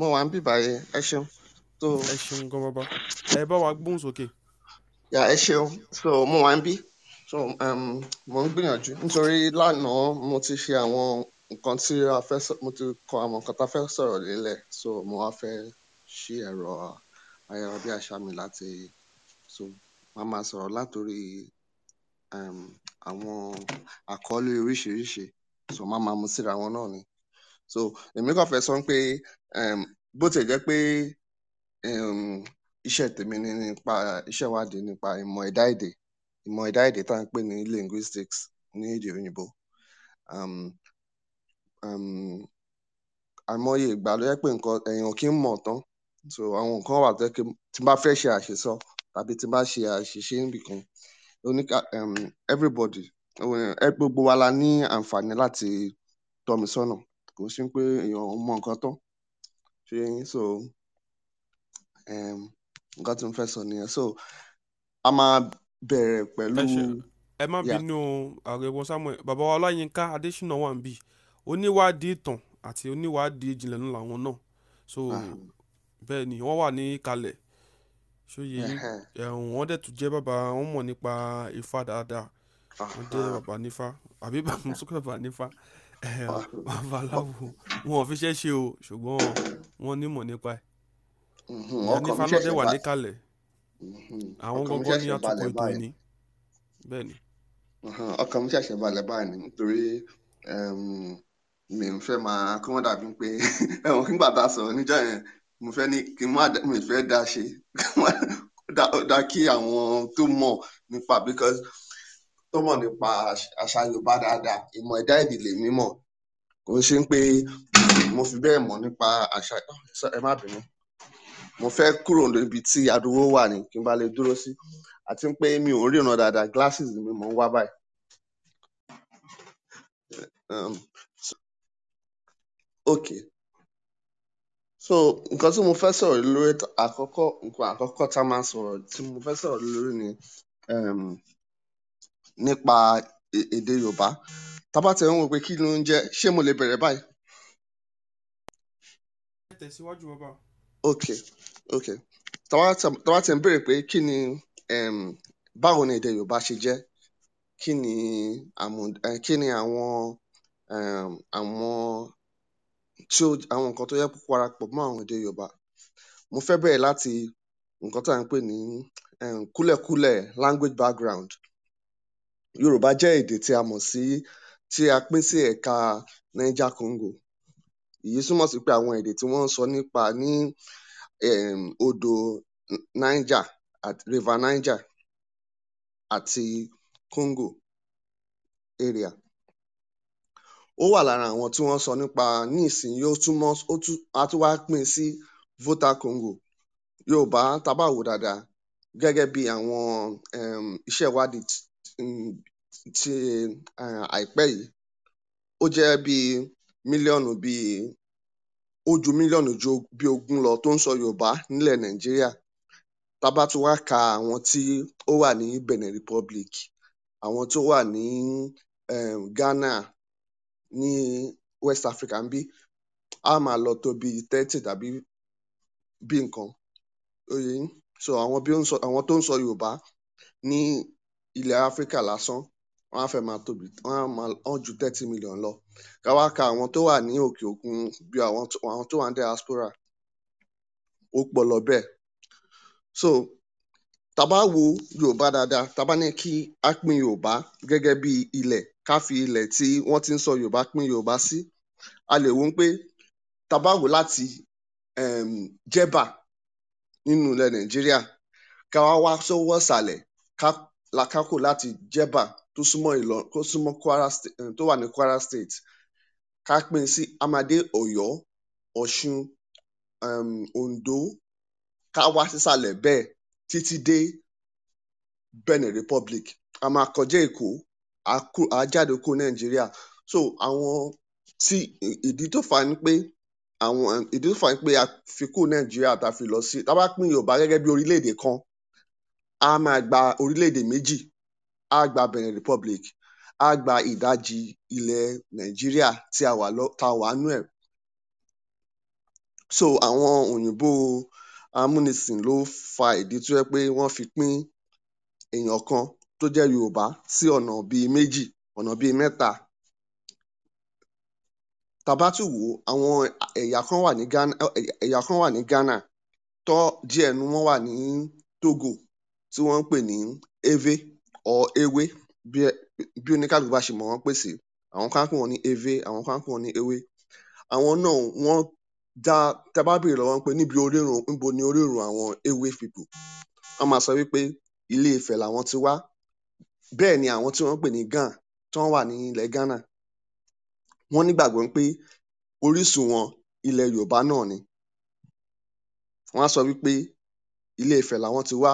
mo wà ń bìbà yẹn ẹ ṣeun. ẹ ṣeun gan bàbá ẹ bá wa gbóhùn sókè. yà ẹ ṣeun so mo wà ń bí so um, mo ń gbìyànjú nítorí lánàá mo ti ṣe àwọn nǹkan tí a fẹ́ mo ti kọ àwọn nǹkan tá a fẹ́ sọ̀rọ̀ lélẹ̀ so mo wá fẹ́ ṣí ẹ̀rọ ayárabíàṣá mi láti so màá máa sọ̀rọ̀ látòrí um, àwọn àkọọ́lẹ̀ oríṣiríṣi so màá máa mú síra wọn náà ni so èmi kàn fẹ́ sọ pé ehm, bó tiẹ̀ jẹ́ pé ehm, iṣẹ́ tèmi ni nípa iṣẹ́ ìwádìí nípa ìmọ̀ ẹ̀dá èdè ìmọ̀ ẹ̀dá èdè tá à ń pè ní linguistics ní èdè òyìnbó ehm, àìmọye ìgbà ló jẹ́ pé nǹkan èèyàn kì í mọ̀ tán so àwọn nǹkan wà tó jẹ́ pé tí n bá fẹ́ ṣe àṣesọ tàbí tí n bá ṣe àṣìṣe níbìkan oníkà everybody gbogbo wa la ní àǹfààní láti tọ́ mi sọ́nà kò sí pé èèyàn ò mọ nǹkan tán ṣe yín so um, nǹkan tí mo fẹ́ sọ nìyẹn so a máa bẹ̀rẹ̀ pẹ̀lú. ẹ má bínú àrẹwọ samuel bàbá wa ọláyínká adésínà wà níbí oníwádìí ìtàn àti oníwádìí ìjìnlẹ̀ náà làwọn náà so ah. bẹ́ẹ̀ ni wọ́n wà ní kalẹ̀ ṣóye ẹ̀hún wọ́n dẹ̀ tún jẹ́ bàbá wọn mọ̀ nípa ifá dáadáa wọ́n jẹ́ bàbá nífá àbí bàbá mùsùlùmí bàbá nífá babaláwo wọn ò fi ṣe ṣe o ṣùgbọ́n wọn nímọ̀ nípa ẹ̀ ẹni mm-hmm, fanọ́dẹ wà níkàlẹ̀ mm-hmm, àwọn gbọ́ngàn ní àtúkọ̀ ètò ìní bẹ́ẹ̀ ni. ọkàn mi ṣẹ̀ṣẹ̀ balẹ̀ báyìí nítorí mi ń fẹ́ máa kí wọ́n dàbí pé ẹ̀wọ̀n kí n gbàdá sọ̀rọ̀ níjọ́ yẹn mo fẹ́ ní kí n má mi fẹ́ dá ṣe dá kí àwọn tó mọ̀ nípa because tó mọ̀ nípa àṣà Yorùbá dáadáa ìmọ̀ ẹ̀dá èdè lèmi kò ń ṣe pé mo fi bẹ́ẹ̀ mọ̀ nípa àṣà ẹ má bínú mo fẹ́ kúrò níbi tí ariwo wà ní kí n bá lè dúró sí àti pé mi ò ríran dáadáa glasses mi mò ń wá báyìí. Um, okay so nǹkan tí mo fẹ́ sọ̀rọ̀ lórí àkọ́kọ́ nǹkan àkọ́kọ́ tá a máa sọ̀rọ̀ tí mo fẹ́ sọ̀rọ̀ lórí ni um, nípa èdè Yorùbá tá bá tiẹ̀ ń wò ó pé kí ló ń jẹ́ ṣé mo lè bẹ̀rẹ̀ báyìí. ẹ tẹ̀síwájú bàbá. ok ok tá bá tiẹ̀ ń béèrè pé kí ni um báwo ni èdè Yorùbá ṣe jẹ́ kí ni eh, kí ni àwọn um àwọn tí ó àwọn nǹkan tó yẹ kó parapọ̀ mọ́ àwọn èdè Yorùbá mo fẹ́ bẹ̀rẹ̀ láti nǹkan tí à ń pè ní um kúlẹ̀kúlẹ̀ language background Yorùbá jẹ́ èdè tí a mọ̀ sí, tí a pín sí ẹ̀ka Niger Congo. Èyí túmọ̀ sí pé àwọn èdè tí wọ́n ń sọ nípa ní um odò Niger àti river Niger àti Congo area. Ó wà lára àwọn tí wọ́n sọ nípa nísìnyí ó túmọ̀, ó tún, a tún wá pín in sí Volta Congo. Yorùbá ta bá wò bí àwọn um iṣẹ́ ìwádìí um ti um àìpẹ yìí ó jẹ bíi mílíọnù bíi ó ju mílíọnù bíi ogún lọ tó ń sọ yorùbá nílẹ nàìjíríà tá bá tún wá ka àwọn tí ó wà ní benin republic àwọn tó wà ní um ghana ní west africa ńbí á máa lọ tó bíi thirty tàbí bíi nǹkan ó yé yín so àwọn tó ń sọ yorùbá ní ilẹ̀ áfíríkà lásán wọ́n á fẹ́ máa tóbi wọ́n á máa wọ́n ju thirty million lọ ká wá ka àwọn tó wà ní òkè òkun bí àwọn àwọn tó wà ní diaspora ó pọ̀ lọ bẹ́ẹ̀ so tá a bá wo Yorùbá dáadáa tá a bá ní kí á pín Yorùbá gẹ́gẹ́ bí ilẹ̀ ká fi ilẹ̀ tí wọ́n ti ń sọ Yorùbá pín Yorùbá sí a lè wò pé tá a láti um Jẹ́bà nínú ilẹ̀ Nàìjíríà ká wá wá sọ́wọ́ ìsàlẹ̀ ká lákàkò láti jẹ̀bà tó súnmọ́ ìlọrin tó súnmọ́ kwara eh, tó wà ní kwara state ká pín in sí amadé ọ̀yọ́ ọ̀ṣun um ehm, oǹdó ká wá sísàlẹ̀ bẹ́ẹ̀ títí dé benin republic a máa kọjá èkó à jáde kúrò nàìjíríà so àwọn tí ìdí tó fà á ni pé àwọn ìdí tó fà á ni pé a fi kúrò nàìjíríà tá a fi lọ sí tá a bá pín yorùbá gẹ́gẹ́ bí orílẹ̀-èdè kan á máa gba orílẹ̀-èdè méjì, á gba Benin Republic, á gba ìdajì ilẹ̀ Nàìjíríà tí a wà nínú ẹ̀. So àwọn òyìnbó amúnisìn ló fa ìdí tó jẹ́ pé wọ́n fi pín èèyàn kan tó jẹ́ Yorùbá sí ọ̀nà bíi méjì, ọ̀nà bíi mẹ́ta. Ta bá tún wò ó, àwọn ẹ̀yà kan wà ní Ghana, ẹ̀yà kan wà ní Ghana, tọ́ díẹ̀ nínú wọn wà ní Togo tí wọ́n ń pè ní ewé or ewé bí bí oníkálukú bá ṣe mọ̀ wọ́n pè sí. Àwọn kan á pè wọ́n ní ewé, àwọn kan á pè wọ́n ní ewé. Àwọn náà wọ́n dá, ta bá béèrè lọ́wọ́ wọn pé níbi orírun, níbo ni orírun àwọn ewé people, wọ́n máa sọ wípé Ilé-Ifẹ̀ làwọn ti wá. Bẹ́ẹ̀ ni àwọn tí wọ́n ń pè ní Gan tán wà ní ilẹ̀ Ghánà, wọ́n nígbàgbọ́ pé orísun wọn ilẹ̀ Yorùbá náà ni. Wọ́n á sọ wípé Ilé-Ifẹ̀ làwọn ti wá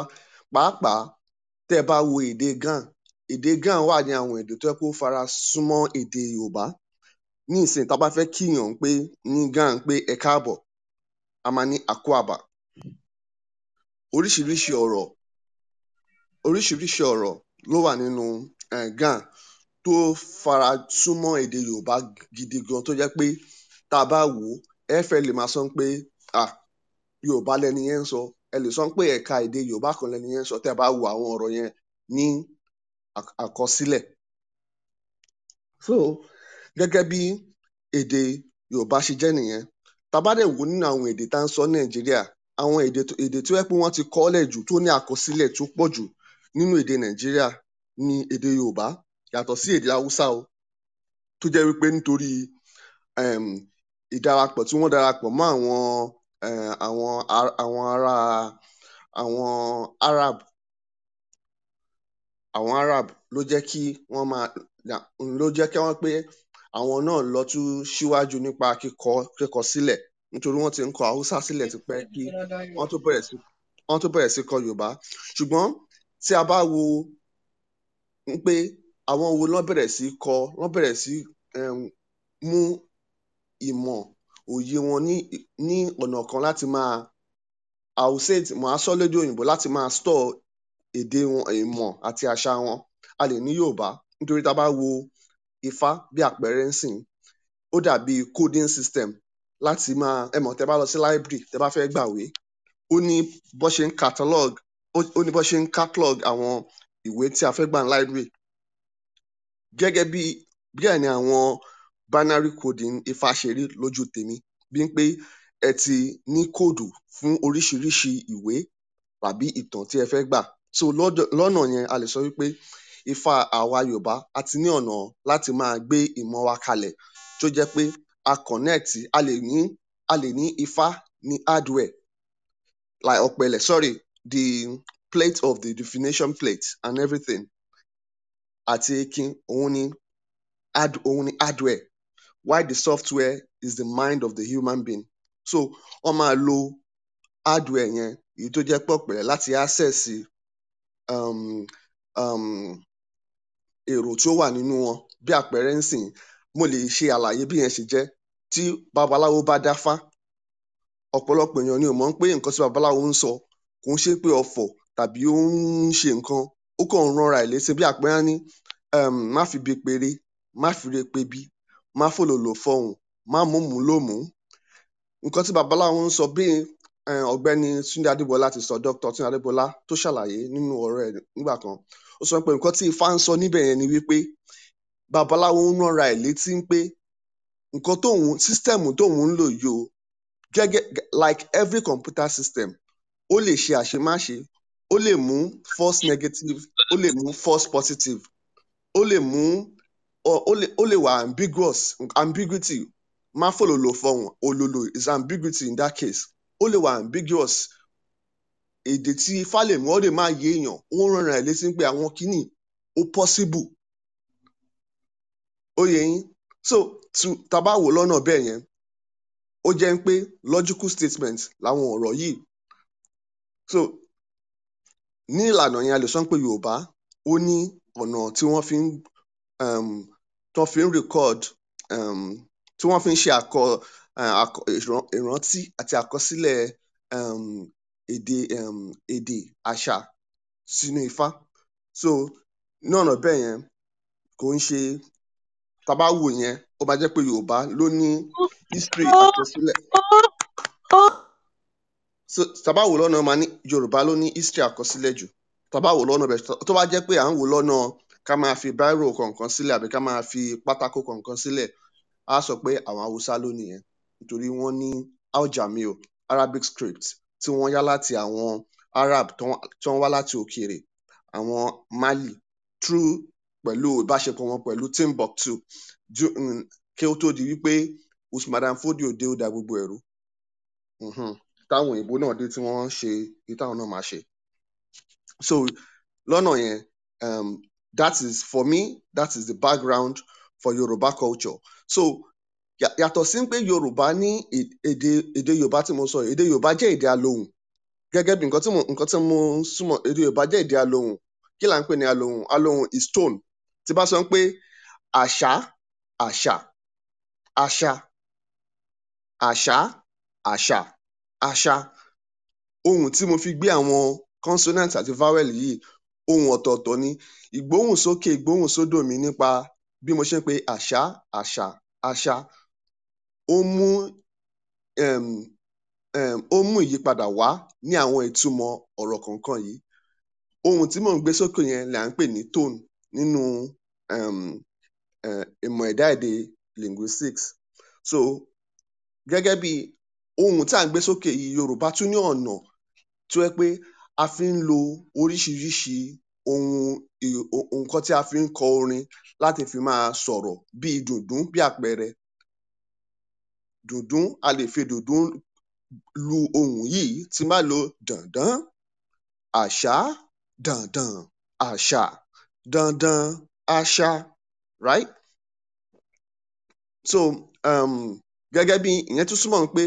pàápàá tẹ́ ẹ bá wo èdè Ghana, èdè Ghana wà ní àwọn èdè tó jẹ́ pé ó fara súnmọ́ èdè Yorùbá. Nísìnyí ta bá fẹ́ kíyàn pé ní Ghana pé ‘ẹ káàbọ̀, a máa ní ‘àkóàbà’. Oríṣiríṣi ọ̀rọ̀ oríṣiríṣi ọ̀rọ̀ ló wà nínú um tó fara súnmọ́ èdè Yorùbá gidi gan tó jẹ́ pé ta bá wò ó, ẹ́ fẹ́ẹ̀ lè máa sọ pé um Yorùbá lẹni yẹn ń sọ ẹ lè sọ pé ẹ̀ka èdè Yorùbá kan lẹni yẹn sọ tẹ́ bá wo àwọn ọ̀rọ̀ yẹn ní àkọsílẹ̀. So gẹ́gẹ́ bí èdè Yorùbá ṣe jẹ́ nìyẹn. Ta bá dẹ̀ wò ó nínú àwọn èdè tá ń sọ ní Nàìjíríà, àwọn èdè èdè tó jẹ́ pé ti kọ ọ́ lẹ̀ tó ní àkọsílẹ̀ tó pọ̀ jù nínú èdè Nàìjíríà ni èdè Yorùbá yàtọ̀ sí èdè Haúsá o tó jẹ́ wí pé nítorí um tí wọ́n darapọ̀ mọ́ àwọn um àwọn àwọn ará àwọn arab àwọn arab ló jẹ kí wọn máa ló jẹ kí wọn pé àwọn náà lọ tún síwájú nípa kíkọ kíkọ sílẹ nítorí wọn ti ń kọ haúsá sílẹ tipẹ kí wọn tó bẹrẹ sí wọn tó bẹrẹ sí kọ yorùbá ṣùgbọn tí a bá wo pé àwọn wo ló bẹrẹ sí kọ ló bẹrẹ sí um mú ìmọ òye wọn ní ní ọ̀nà kan láti máa àwòsẹ́ẹ̀tì mọ̀ á lédè òyìnbó láti máa store èdè wọn ìmọ̀ àti àṣà wọn a lè ní Yorùbá nítorí tá a bá wo Ifá bí àpẹẹrẹ ńsìnyí ó dàbí coding system láti máa ẹ mọ̀ tẹ́ bá lọ sí library tẹ́ bá fẹ́ gbàwé ó ní bọ́n ṣe ń catalog ó ní bọ́n ṣe ń catalog àwọn ìwé tí a fẹ́ gbà ní library gẹ́gẹ́ bí bẹ́ẹ̀ ni àwọn binary coding Ifáṣeré lójú tèmi Bímpé ẹ ti ní kóòdù fún oríṣiríṣi ìwé tàbí ìtàn tí ẹ fẹ́ gbà so lọ́dọ̀ lọ́nà yẹn a lè sọ wípé Ifá àwa Yorùbá a ti ní ọ̀nà láti máa gbé ìmọ̀ wa kalẹ̀ tó jẹ́ pé a connect a lè ní a lè ní Ifá ní hardware like ọ̀pẹ̀lẹ̀ sorry the plate of the definition plate and everything àti ekin òun ni hard òun ni hardware Why the software is the mind of the human being. So wọ́n máa lo hardware yẹn èyí tó jẹ́ pọ̀pẹ́ láti access um um èrò tí ó wà nínú wọn. Bí àpẹẹrẹ ńsìnyí, mo lè ṣe àlàyé bí ìyẹn ṣe jẹ́. Tí babaláwo bá dáfá, ọ̀pọ̀lọpọ̀ èèyàn ni ò mọ̀ pé nǹkan tí babaláwo ń sọ kò ń ṣe pé ọfọ̀ tàbí ó ń ṣe nǹkan, ó kàn ń ránra ẹ̀ létí. Bí àpẹẹrẹ, á ní um má fibi pere, má fire pebi, má fòlòlò fọhùn má mómùú lómùú nǹkan tí babaláwo ń sọ bí um ọ̀gbẹ́ni Túndé Adébọlá ti sọ Dr. Túndé Adébọlá tó ṣàlàyé nínú ọ̀rọ̀ ẹ̀ nígbà kan ó sọ pé nǹkan tí Ifá ń sọ níbẹ̀ yẹn ni wípé babaláwo ń ránra ẹ̀ létí pé nǹkan tóun system tóun ń lò yìí o gẹ́gẹ́ like every computer system ó lè ṣe àṣemáṣe ó lè mú false negative ó lè mú false positive ó lè mú ó lè wà ambiguous ambiguity má fòlòlò fọhùn òlòlò is ambiguity in that case ó lè wà ambiguous èdè tí Fálẹ̀mí ó lè má yé èèyàn ó ń rán èèyàn létí pé àwọn kìíní ó possible ó yé yín so tu tá a bá wò lọ́nà bẹ́ẹ̀ yẹn ó jẹ́ pé logical statement làwọn ọ̀rọ̀ yìí so ní ìlànà yẹn a lè sọ pé Yorùbá ó ní ọ̀nà tí wọ́n fi ń um tó fi ń record um tí wọ́n fi ń ṣe àkọ um ìrántí àti àkọsílẹ̀ um èdè um èdè àṣà sínú Ifá. So ní ọ̀nà bẹ́yẹn kò ń ṣe ta bá wò yẹn ó ma jẹ́ pé Yorùbá ló ní history àkọsílẹ̀. So ta bá wò ó lọ́nà ó ma ní Yorùbá ló ní history àkọsílẹ̀ jù. Ta bá wò lọ́nà bẹ́ẹ̀ tó bá jẹ́ pé à ń wò ó lọ́nà ká máa fi báírò kọ nǹkan sílẹ̀ àbí ká máa fi pátákó kọ nǹkan sílẹ̀ á sọ pé àwọn Haúsá ló ní nítorí wọ́n ní al Arabic script tí wọ́n yá láti àwọn Arab tí wọ́n wá láti òkèèrè àwọn Mali true pẹ̀lú ìbáṣepọ̀ wọn pẹ̀lú Timbuktu um kí ó tó di wí pé Usman Fodio dé ó da gbogbo ẹ̀ rú um mm-hmm. táwọn òyìnbó náà dé tí wọ́n ṣe èyí náà máa ṣe. So lọ́nà yẹn um, That is, for me, that is the background for Yoruba culture. So, yàtọ̀ sí pé Yorùbá ní èdè èdè Yorùbá tí mo sọ yìí, èdè Yorùbá jẹ́ èdè alohùn. Gẹ́gẹ́ bí nǹkan tí mo nǹkan tí mo súnmọ́, èdè Yorùbá jẹ́ èdè alohùn. Kí là ń pè ní alohùn? Alohùn is tone. Tí bá sọ pé àṣá, àṣà, àṣà, àṣá, àṣà, àṣà, ohùn tí mo fi gbé àwọn consonant àti vowel yìí ohùn ọ̀tọ̀ọ̀tọ̀ ni ìgbóhùnsókè ìgbóhùnsódò mi nípa bí mo ṣe ń pe àṣá àṣà àṣa ó mú um um ó mú ìyípadà wá ní àwọn ìtumọ̀ ọ̀rọ̀ kọ̀ọ̀kan yìí. Ohùn tí mò ń gbé sókè yẹn là ń pè ní tone nínú um ìmọ̀ ẹ̀dá èdè linguistics. So gẹ́gẹ́ bí ohùn tá à ń gbé sókè yìí Yorùbá tún ní ọ̀nà tó jẹ́ pé a fi ń lo oríṣiríṣi ohun nǹkan tí a fi ń kọ orin láti fi máa sọ̀rọ̀ bíi dùndún bí àpẹẹrẹ dùndún, a lè fi dùndún lu ohùn yìí tí n bá lo dàndán, àṣá, dàndàn, àṣà, dandan, aṣa right? so um gẹ́gẹ́ bí ìyẹn tún túmọ̀ pé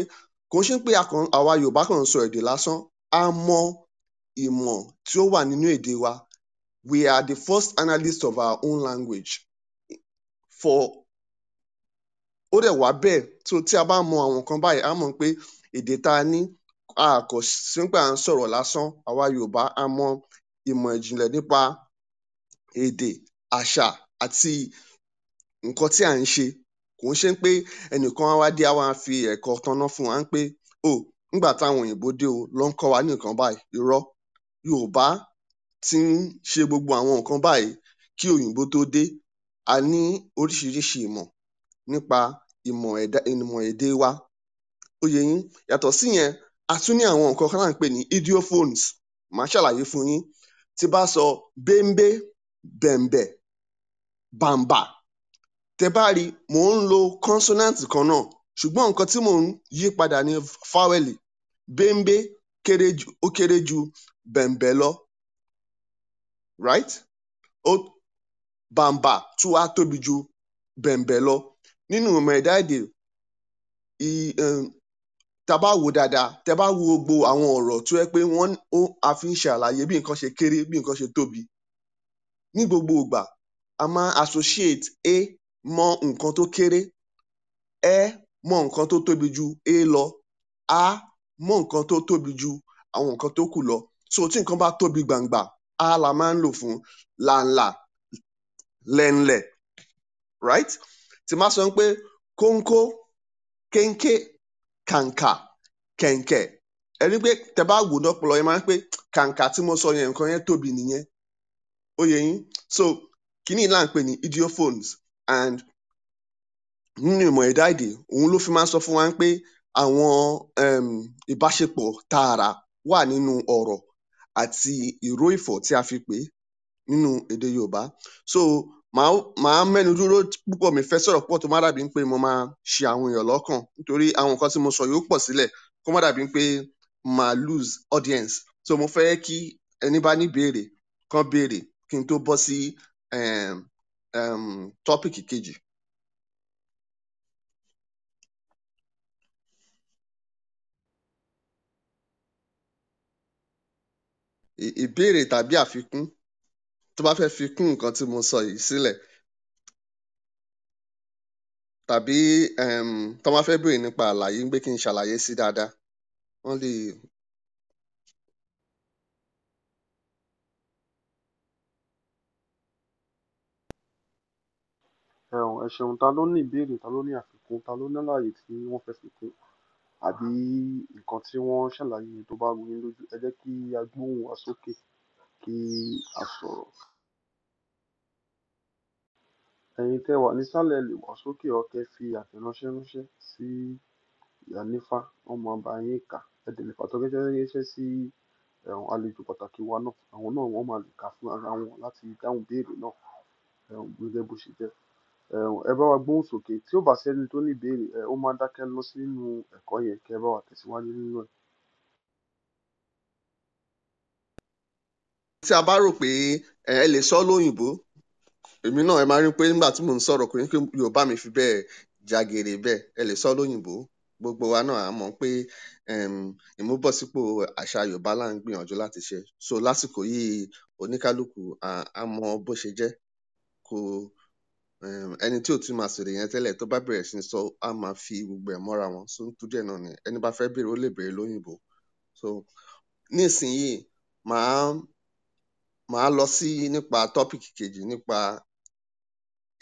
kò ń ṣe pé a kàn àwa Yorùbá kàn ń sọ èdè lásán, a mọ ìmọ̀ tí ó wà nínú èdè wa. We are the first analysts of our own language for ó dẹ̀ wá bẹ́ẹ̀ so tí a bá mọ àwọn nǹkan báyìí á mọ̀ pé èdè tá a ní a kò sí pé à ń sọ̀rọ̀ lásán àwa Yorùbá a mọ ìmọ̀ ìjìnlẹ̀ nípa èdè, àṣà àti nǹkan tí à ń ṣe kò ń ṣe pé ẹnìkan á wá dé á wá fi ẹ̀kọ́ tanná fún wa pé oh nígbà táwọn òyìnbó dé o ná kọ́ wa ní nǹkan báyìí, irọ́ yorùbá ti ń ṣe gbogbo àwọn nǹkan báyìí kí òyìnbó tó dé a ní oríṣiríṣi ìmọ̀ nípa ìmọ̀ ẹ̀dá ìmọ̀ èdè wa ó yé yín yàtọ̀ síyẹn a tún ní àwọn nǹkan kan tá ń pè ní idiophones màá ṣàlàyé fún yín tí n bá sọ bénbé bẹ̀m̀bẹ̀ bàm̀bà tẹ́ bá rí mò ń lo consonant kan náà ṣùgbọ́n nǹkan tí mò ń yí padà ni vowel bénbé kéré jù ó kéré ju bẹ̀m̀bẹ̀lọ right ó bàǹbà tún wá tóbi ju bẹ̀m̀bẹ̀ lọ nínú ìmọ̀ ẹ̀dá èdè um, tá a bá wò ó dáadáa tẹ́ bá wo gbogbo àwọn ọ̀rọ̀ tó jẹ́ pé wọ́n ó a fi ń ṣàlàyé bí nǹkan ṣe kéré bí nǹkan ṣe tóbi ní gbogbo ìgbà a máa ń associate a mọ́ nǹkan tó kéré ẹ e mọ́ nǹkan tó tóbi ju é lọ á mọ́ nǹkan tó tóbi ju àwọn nǹkan tó kù lọ so tí nǹkan bá tóbi gbàǹgbà a la máa ń lò fún làǹlà lẹ̀nlẹ̀ right tí má sọ pé kónkó kéńké kàǹkà kẹ̀ǹkẹ̀ ẹ rí pé tẹ bá wò lọpọlọ yẹn máa ń pé kàǹkà tí mo sọ yẹn nǹkan yẹn tóbi nìyẹn ó yẹ yín so kíní là ń pè ní idiophones and nínú ìmọ̀ ẹ̀dá èdè òun ló fi máa ń sọ fún wa pé àwọn um ìbáṣepọ̀ tààrà wà nínú ọ̀rọ̀ àti ìró ìfọ̀ tí a fi pèé nínú èdè Yorùbá. So, màá màá mẹ́nu dúró púpọ̀, mi ò fẹ́ sọ̀rọ̀ púpọ̀ tó má dàbí ń pé mo máa ṣi àwọn èèyàn lọ́kàn nítorí àwọn nǹkan tí mo sọ yìí ó pọ̀ sílẹ̀ kó má dàbí pé màá lose audience. So, mo fẹ́ kí ẹní bá ní ìbéèrè kán béèrè kí n tó bọ́ sí um um topic kejì. ìbéèrè tàbí àfikún tó bá fẹ́ fi kún nǹkan tí mo sọ yìí sílẹ̀ tàbí um tó bá fẹ́ béèrè nípa àlàyé pé kí n ṣàlàyé sí dáadáa wọ́n lè um ẹ ṣeun ta ló ní ìbéèrè ta ló ní àfikún ta ló ní àlàyé tí wọn fẹ fi kún àbí nǹkan tí wọn ṣàlàyé tó bá rúni lójú ẹ jẹ kí á gbóhùn wa sókè kí á sọrọ ẹyin tẹ ẹ wà nísàlẹ ẹ lè wá sókè o kẹ ẹ fi àtẹránṣẹ ránṣẹ sí ìyánífà wọn máa bá yín kà ẹ dẹ lè fàtẹránṣẹ ránṣẹ sí àlejò pàtàkì wa náà àwọn náà wọn máa lè kà á wọn láti dáhùn ìbéèrè náà um bó ṣe jẹ um ẹ bá wa gbóhùn sókè tí ò bá sẹni tó ní ìbéèrè um ó máa dákẹ lọ sínú ẹkọ yẹn kí ẹ bá wa tẹsíwájú nínú ẹ. tí a bá rò pé ẹ ẹ lè sọ lóyìnbó èmi náà ẹ máa rí pé nígbà tí mò ń sọ̀rọ̀ kò ní pé yorùbá mi fi bẹ́ẹ̀ jagere bẹ́ẹ̀ ẹ lè sọ lóyìnbó gbogbo wa náà á mọ̀ pé um ìmúbọ̀sípò àṣà yorùbá là ń gbìyànjú láti ṣe so lásìkò yìí oníkálukú á bó ṣe jẹ́ kò um ẹni tí ò ti máa sọ èdè yẹn tẹ́lẹ̀ tó bá bẹ̀rẹ̀ sí ní sọ á máa fi gbogbo ẹ̀ mọ́ra wọn so nítorí ẹ̀ náà ni ẹni bá fẹ́ béèrè ó lè béèrè lóyìnbó so nísìnyìí màá màá lọ sí nípa topic kejì nípa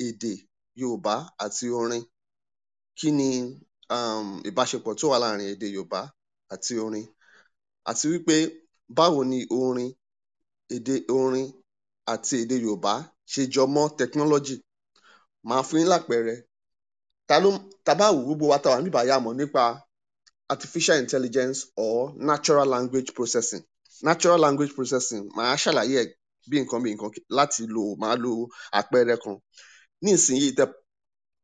èdè Yorùbá àti orin kí ni um ìbáṣepọ̀ tí ó wà láàrin èdè Yorùbá àti orin àti wí pé báwo ni orin èdè orin àti èdè Yorùbá ṣe jọ technology màá fún yín lápẹẹrẹ tabawu ló ta gbogbo wa ta wà níbàyà mọ̀ nípa artificial intelligence or natural language processing natural language processing màá ṣàlàyé ẹ̀ bí nǹkan bí nǹkan láti lò màá lo àpẹẹrẹ kan nísìnyìí tẹ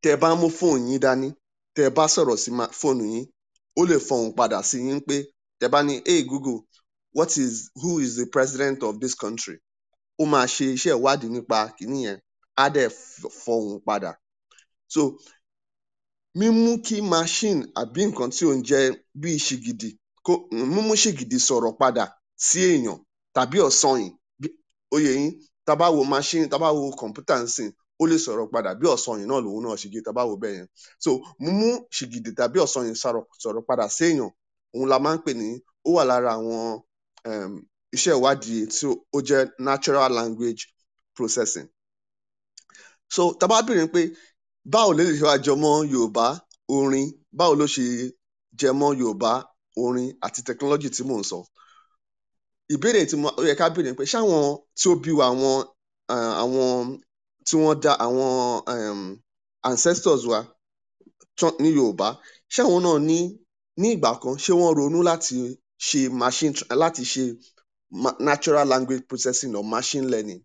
tẹ bá mú fóònù yín dání tẹ bá sọ̀rọ̀ sí fóònù yín ó lè fọhùn padà sí yín pé tẹ bá ní hey google what is who is the president of this country ó máa ṣe iṣẹ́ ìwádìí nípa kínní yẹn á dẹ̀ fọhùn padà. So, mímú kí machine àbí nǹkan tí ò ń jẹ́ bíi ṣìgìdì kó múmú ṣìgìdì sọ̀rọ̀ padà sí èèyàn tàbí ọ̀sanyìn ó yé yín ta bá wo machine ta bá wo kọ̀m̀pútà ńsìnyìí ó lè sọ̀rọ̀ padà bí ọ̀sanyìn náà lòun náà ṣe jẹ́ ta bá wò ó bẹ́yẹn. So, múmú ṣìgìdì tàbí ọ̀sanyìn sọ̀rọ̀ padà séèyàn òhun la máa ń pè ní ó wà lára àwọn um iṣẹ́ ìwádìí tí ó jẹ́ natural language processing so tá a bá bèrè pé báwo lè ṣe wá jọmọ́ yorùbá orin báwo ló ṣe jẹmọ́ yorùbá orin àti technology tí mò ń sọ ìbéèrè tí mo ó yẹ ká béèrè pé ṣáwọn tí ó bí wa àwọn àwọn tí wọ́n dá àwọn ancestors wa ní yorùbá ṣáwọn náà ní ní ìgbà kan ṣé wọ́n ronú láti ṣe machine láti ṣe natural language processing or machine learning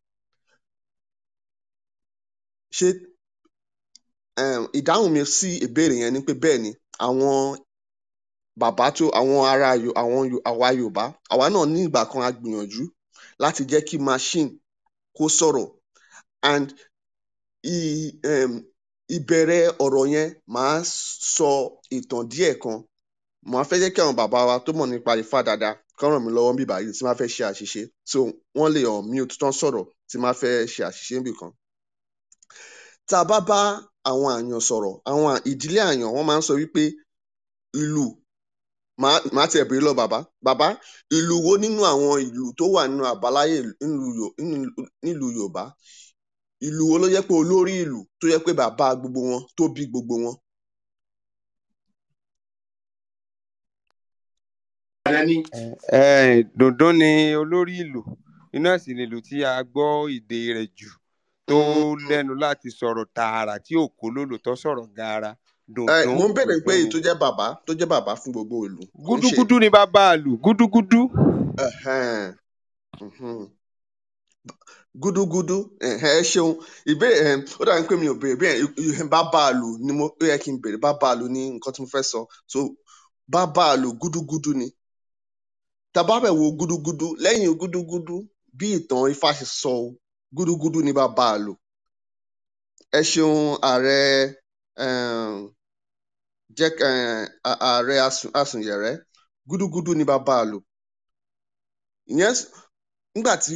ṣé um ìdáhùn mi sí ìbéèrè yẹn ni pé bẹ́ẹ̀ni, àwọn bàbá tó, àwọn ará, àwọn àwa Yorùbá, àwa náà ní ìgbà kan a gbìyànjú láti jẹ́ kí machine kó sọ̀rọ̀ and ì um ìbẹ̀rẹ̀ ọ̀rọ̀ yẹn màá sọ ìtàn díẹ̀ kan, màá fẹ́ jẹ́ kí àwọn bàbá wa tó mọ̀ nípa Ifá dáadáa kán ràn mí lọ́wọ́ ńbì bàyìí tí n fẹ́ ṣe àṣìṣe so wọ́n lè unmute tán sọ̀rọ̀ tí n bá fẹ́ ṣe àṣìṣe ńbìkan tá a bá bá àwọn àyàn sọ̀rọ̀, àwọn ìdílé àyàn wọ́n máa ń sọ wípé ìlù màá màá tiẹ̀ béèrè lọ́wọ́ bàbá, bàbá ìlù wo nínú àwọn ìlù tó wà nínú àbáláyé nílùú Yorùbá, ìlù wo ló jẹ́ pé olórí ìlù tó jẹ́ pé bàbá gbogbo wọn tó bí gbogbo wọn? um ni olórí ìlú, inú ẹ̀ sì lìlù tí a gbọ́ èdè rẹ̀ jù tó lẹ́nu láti sọ̀rọ̀ tààrà tí ò kó lólùtọ́ sọ̀rọ̀ gaara dòdò. mo ń bèrè pé èyí tó jẹ́ bàbá tó jẹ́ bàbá fún gbogbo ìlú. gúdúgúdú ni bàbá àlù gúdúgúdú. Mhm. gúdúgúdú ẹ ṣeun ìbéèrè ó dàbí pé mi ò béèrè bẹ́ẹ̀ bàbá àlù ni mo yẹ kí n béèrè bàbá àlù ni nǹkan tí mo fẹ́ sọ so bàbá àlù gúdúgúdú ni tàbá bẹ̀ wo gúdúgúdú lẹ́yìn gúdúgúdú bí ìtàn Ifá ṣe sọ gúdúgúdú ni bàbá àlò ẹ ṣeun ààrẹ um jẹ um ààrẹ asùnyẹrẹ gúdúgúdú ni bàbá àlò ìyẹn nígbà tí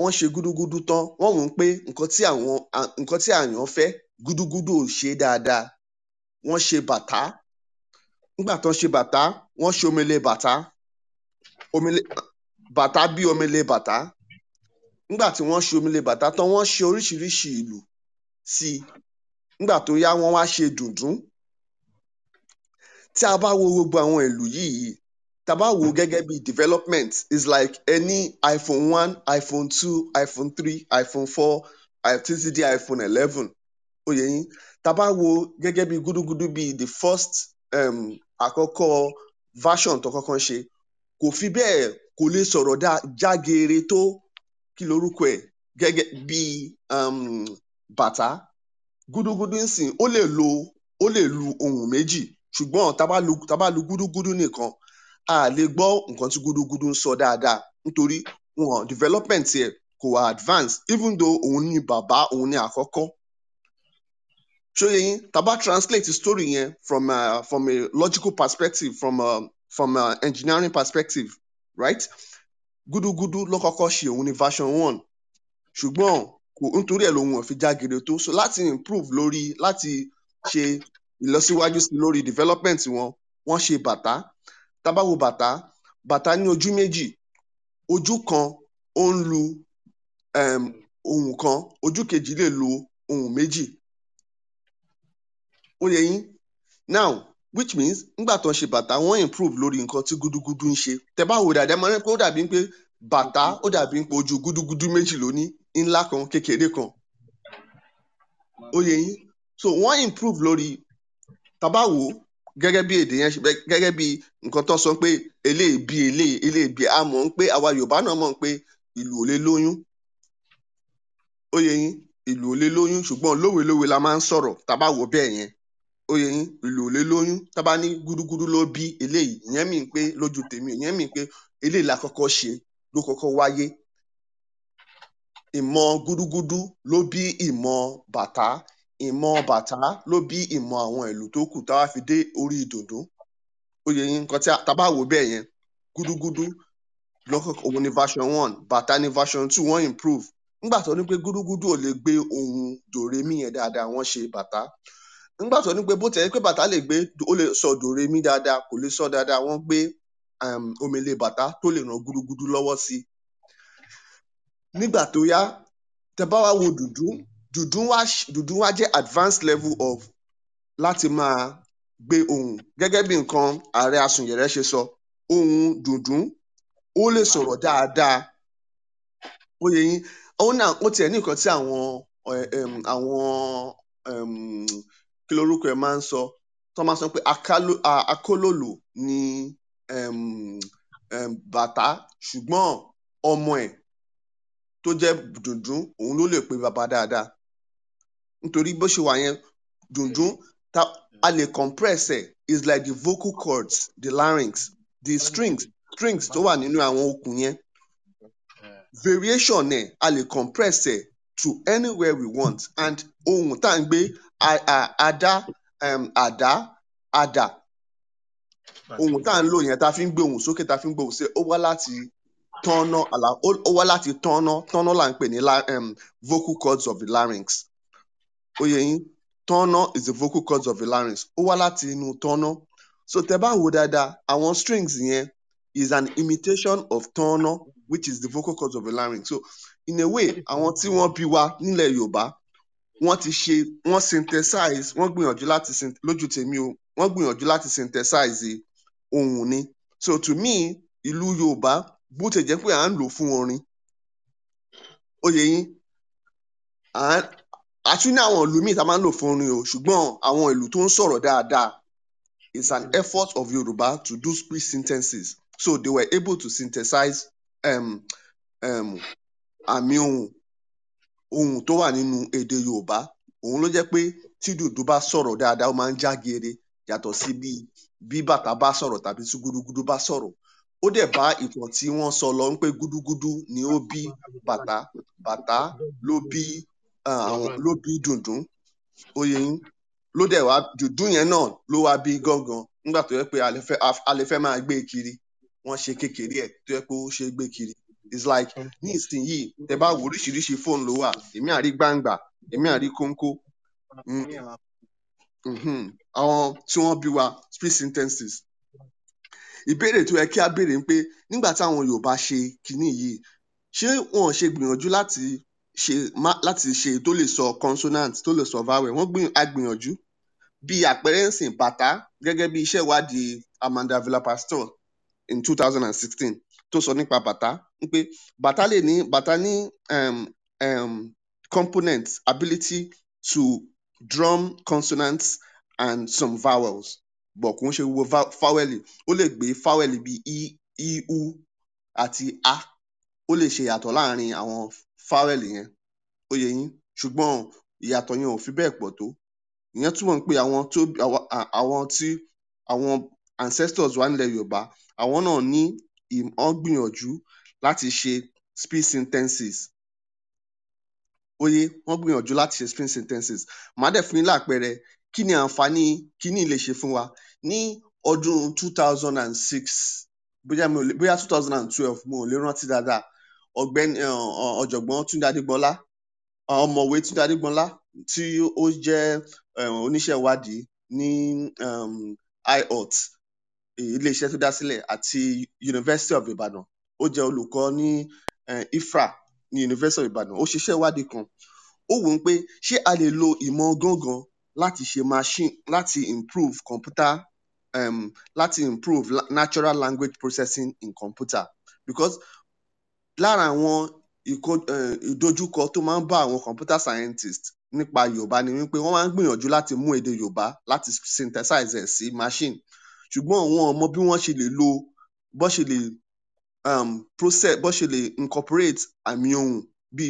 wọn ṣe gúdúgúdú tán wọn wò ó pé nǹkan tí àwọn nǹkan tí àyàn fẹ́ gúdúgúdú ò ṣe dáadáa wọn ṣe bàtà nígbà tán ṣe bàtà wọn ṣe omele bàtà omele bàtà bí omele bàtà nígbà tí wọ́n ṣe omele bàtà tán wọ́n ṣe oríṣiríṣi ìlù sí i nígbà tó yá wọ́n wá ṣe dùndún tí a bá wo gbogbo àwọn ìlú yìí tá a bá wo gẹ́gẹ́ bí development is like any iphone one iphone two iphone three iphone four títí di iphone eleven ó yé yín tá a bá wo gẹ́gẹ́ bí gúdúgúdú bí the first um, àkọ́kọ́ version tó kọ́kọ́ ṣe kò fi bẹ́ẹ̀ kò lè sọ̀rọ̀ jágeere tó kí lorúkọ ẹ gẹ́gẹ́ bíi um bàtà gúdúgúdú ńsìn ó lè lo ó lè lu ohùn méjì ṣùgbọ́n tá a bá lu tá a bá lu gúdúgúdú nìkan a lè gbọ́ nǹkan tí gúdúgúdú ń sọ dáadáa nítorí wọn development ẹ̀ kò wá advance even though òun ni bàbá òun ni àkọ́kọ́ ṣóyè yín tá a translate story yẹn from a uh, from a logical perspective from a uh, from a uh, engineering perspective right gúdúgúdú ló kọ́kọ́ ṣe òun ní version one ṣùgbọ́n kò nítorí ẹ̀ lòun ò fi já gere tó so láti improve lórí láti ṣe ìlọsíwájú sí lórí development wọn wọ́n ṣe bàtà tá a bá wo bàtà bàtà ní ojú méjì ojú kan ó ń lu um ohùn kan ojú kejì lè lu ohùn méjì ó yẹ yín now which means nígbà tó ń ṣe bàtà wọ́n improve lórí nǹkan tí gúdúgúdú ń ṣe tẹ́ bá wo dáadáa mọ̀ pé ó dàbí pé bàtà ó dàbí pé ojú gúdúgúdú méjì ló ní ńlá kan kékeré kan ó yẹ yín so wọ́n improve lórí tàbá wò ó gẹ́gẹ́ bí èdè yẹn gẹ́gẹ́ bí nǹkan tó sọ pé eléyìí bí eléyìí eléyìí bí a mọ̀ ń pé àwa Yorùbá náà mọ̀ ń pé ìlú ò lè lóyún ó yẹ yín ìlú ò lóyún ṣùgbọ́n lówe la máa ń sọ̀rọ̀ tàbá wò bẹ́ẹ̀ yẹn ó yé yín lò lé lóyún tá bá ní gúdúgúdú ló bí eléyìí ìyẹn mì pé lójú tèmi ìyẹn mì pé eléyìí la kọ́kọ́ ṣe ló kọ́kọ́ wáyé ìmọ̀ gúdúgúdú ló bí ìmọ̀ bàtá ìmọ̀ bàtá ló bí ìmọ̀ àwọn ìlù tó kù tá a fi dé orí dòdò ó nǹkan tí a bá wò bẹ́ẹ̀ yẹn gúdúgúdú lọ́kọ̀ọ̀kan òun ni version one bàtá ni version two wọ́n improve nígbà tó ní pé gúdúgúdú ò lè gbé ohùn dòrémì yẹn dáadáa wọ́n ṣe bàtá nígbà tó ní pé bó tẹ̀ pé bàtà lè gbé ó lè sọ dòrèmí dáadáa kò lè sọ dáadáa wọ́n gbé um, omele bàtà tó lè ràn gúdúgúdú lọ́wọ́ sí. nígbà tó yá tẹ bá wá wo dùndún dùndún wá dùndún wá jẹ́ advanced level of láti máa gbé ohùn gẹ́gẹ́ bí nǹkan ààrẹ asùnyẹ̀rẹ̀ ṣe sọ ohùn dùndún ó lè sọ̀rọ̀ dáadáa ó yẹ yín òun náà ó tiẹ̀ ní nǹkan tí àwọn àwọn kí lorúkọ ẹ̀ máa ń sọ tó máa sọ pé akólòlò ni um um bàtà ṣùgbọ́n ọmọ ẹ̀ tó jẹ́ dùndún òun ló lè pe bàbá dáadáa nítorí bó ṣe wà yẹn dùndún ta a lè compress ẹ̀ is like the vocal cords the larynx the strings strings tó wà nínú àwọn okùn yẹn variation ẹ̀ a lè compress ẹ̀ to anywhere we want and ohùn tá à ń gbé àdá àdá àdá ohun tá à ń lò yẹn tá a fi ń gbé ohùn sókè tá a fi ń gbóhùn sí ó wá láti tọ́nà àlà ó wá láti tọ́nà tọ́nà là ń pè ní vocal cords of the larynx ó yé yín tọ́nà is the vocal cords of the larynx ó wá láti inú tọ́nà so tẹ bá wò dáadáa àwọn strings yẹn is an imitation of tọ́nà which is the vocal cords of the larynx so in a way àwọn tí wọ́n bí wa nílẹ̀ Yorùbá wọ́n ti ṣe wọ́n synthesize wọ́n gbìyànjú láti lójú tèmi o wọ́n gbìyànjú láti synthesize ohùn ni so to me ìlú yorùbá bó ti jẹ́ pé à ń lò fún orin oyè yín àti ní àwọn ìlú míì tá a máa ń lò fún orin o ṣùgbọ́n àwọn ìlú tó ń sọ̀rọ̀ dáadáa is an effort of Yorùbá to do speech synthesis so they were able to synthesize um, um, àmì ohùn ohùn tó wà nínú èdè Yorùbá òhun ló jẹ́ pé tí dùndún bá sọ̀rọ̀ dáadáa ó máa ń já geere yàtọ̀ sí bíi bí bàtá bá sọ̀rọ̀ tàbí tí gúdúgúdú bá sọ̀rọ̀. Ó dẹ̀ bá ìtàn tí wọ́n sọ lọ ń pé gúdúgúdú ni ó bí bàtá, bàtá ló bí um ló bí dùndún, ó yé yín, ló dẹ̀ wá dùndún yẹn náà ló wá bí gángan nígbà tó jẹ́ pé a lè fẹ́ máa gbé e kiri, wọ́n ṣe kékeré ẹ̀ tó jẹ́ pé ó ṣe é gbé kiri it's like mm. ní ìsinyìí tẹ bá wo oríṣiríṣi fóònù ló wà èmi àrí gbangba èmi àrí kónkó mm. mm-hmm. àwọn tí wọ́n bí wa speech sentences ìbéèrè tó yẹ kí a béèrè ń pé nígbà táwọn Yorùbá ṣe kinní yìí ṣé wọn ò ṣe gbìyànjú láti ṣe má láti ṣe tó lè sọ consonant tó lè sọ vowel wọ́n gbìyànjú agbìyànjú bí àpẹẹrẹ ń sìn bàtà gẹ́gẹ́ bí iṣẹ́ ìwádìí Amanda villar in two thousand and sixteen tó sọ nípa bàtà ń pé bàtà lè ní bàtà ní um um components ability to drum consonants and some vowels bọ̀ kò ń ṣe gbogbo fáwẹ́lì ó lè gbé fáwẹ́lì bíi i i u àti a ó lè ṣe ìyàtọ̀ láàrin àwọn fáwẹ́lì yẹn ó yé yín ṣùgbọ́n ìyàtọ̀ yẹn ò fi bẹ́ẹ̀ pọ̀ tó ìyẹn túmọ̀ pé àwọn tó àwọn tí àwọn ancestors wa nílẹ̀ yorùbá àwọn náà ní ó ń gbìyànjú láti ṣe speech synthesis ó yé wọ́n gbìyànjú láti ṣe speech synthesis màá dẹ̀ fún yín lápẹẹrẹ kí ni àǹfààní kíní lè ṣe fún wa ní ọdún two thousand and six bóyá mi ò lè bóyá two thousand and twelve mo ò lè rántí dáadáa ọ̀gbẹ́ni ọ̀jọ̀gbọ́n túnde adégbọlá ọ̀mọ̀wé túnde adégbọlá tí ó jẹ́ oníṣẹ́ ìwádìí ní um, iot iléeṣẹ́ tó dá sílẹ̀ àti University of Ibadan. Ó jẹ́ olùkọ́ ní um IFRA ní University of Ibadan. Ó ṣiṣẹ́ ìwádìí kan, ó wò ó pé ṣé a lè lo ìmọ̀ gangan láti ṣe machine láti improve computer um láti improve natural language processing in computer because lára àwọn um ìdojúkọ tó máa ń bá àwọn computer scientist nípa Yorùbá ni wí pé wọ́n máa ń gbìyànjú láti mú èdè Yorùbá láti synthesize ẹ̀ sí machine ṣùgbọ́n wọn ò mọ bí wọ́n ṣe lè lo bó ṣe lè um process bó ṣe lè incorporate àmì ohùn bí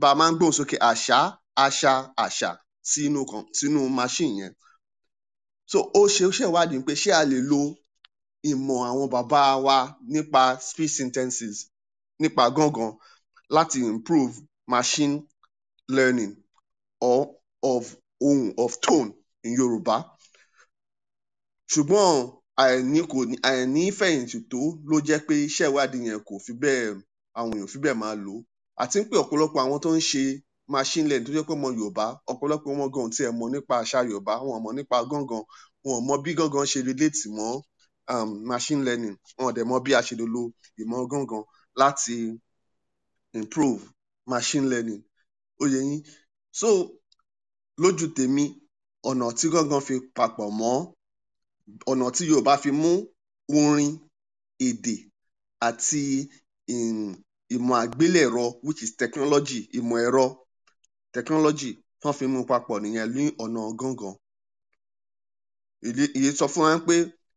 bá a máa ń gbóhùn sókè àṣá àṣà àṣà sínú kan sínú machine yẹn. So ó ṣe ó ṣèwádìí pé ṣé a lè lo ìmọ̀ àwọn bàbá wa nípa speech synthesis nípa gángan láti improve machine learning or of ohùn of tone in Yorùbá ṣùgbọn àìní àìní ìfẹyìntì tó ló jẹ pé iṣẹ ìwádìí yẹn kò fi bẹẹ àwọn èèyàn fi bẹẹ máa lò ó àti pé ọ̀pọ̀lọpọ̀ àwọn tó ń ṣe machine learning tó jẹ́ pé ọmọ Yorùbá ọ̀pọ̀lọpọ̀ wọn gan ò tiẹ̀ mọ̀ nípa àṣà Yorùbá wọn ò nípa gángan wọn mọ bí gángan ṣe relate mọ́ um machine learning wọn ò dẹ̀ mọ bí a ṣe lè lo ìmọ̀ gángan láti improve machine learning ó yín so lójú tèmi ọ̀nà tí gángan fi papọ̀ mọ́ ọ̀nà tí Yorùbá fi mú orin, èdè àti ìmọ̀ àgbélẹ̀rọ which is technology ìmọ̀ ẹ̀rọ technology tán fi mú un papọ̀ nìyẹn ní ọ̀nà gángan. Ìyẹn sọ fún wa pé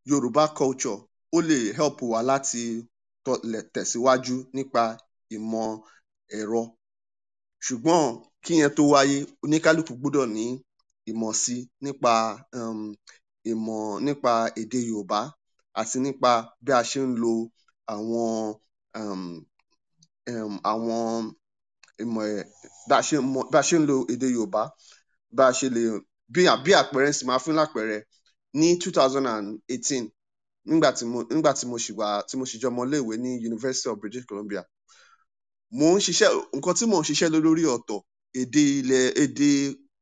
Yorùbá culture ó lè help wa láti tẹ̀síwájú nípa ìmọ̀ ẹ̀rọ ṣùgbọ́n kíyẹn tó wáyé oníkálùkù gbúdọ̀ ní ìmọ̀ si nípa um, ìmọ̀ nípa èdè Yorùbá àti nípa bí a ṣe ń lo àwọn um um àwọn ìmọ̀ bí a ṣe mọ bí a ṣe ń lo èdè Yorùbá, bí a ṣe lè bí bí àpẹẹrẹ nísìnyí máa fún yín lápẹẹrẹ ní two thousand and eighteen nígbà tí mo nígbà tí mo ṣì wà tí mo ṣì jẹ́ ọmọléèwé ní University of British Columbia, mò ń ṣiṣẹ́ nǹkan tí mò ń ṣiṣẹ́ lé lórí ọ̀tọ̀, èdè ilẹ̀ èdè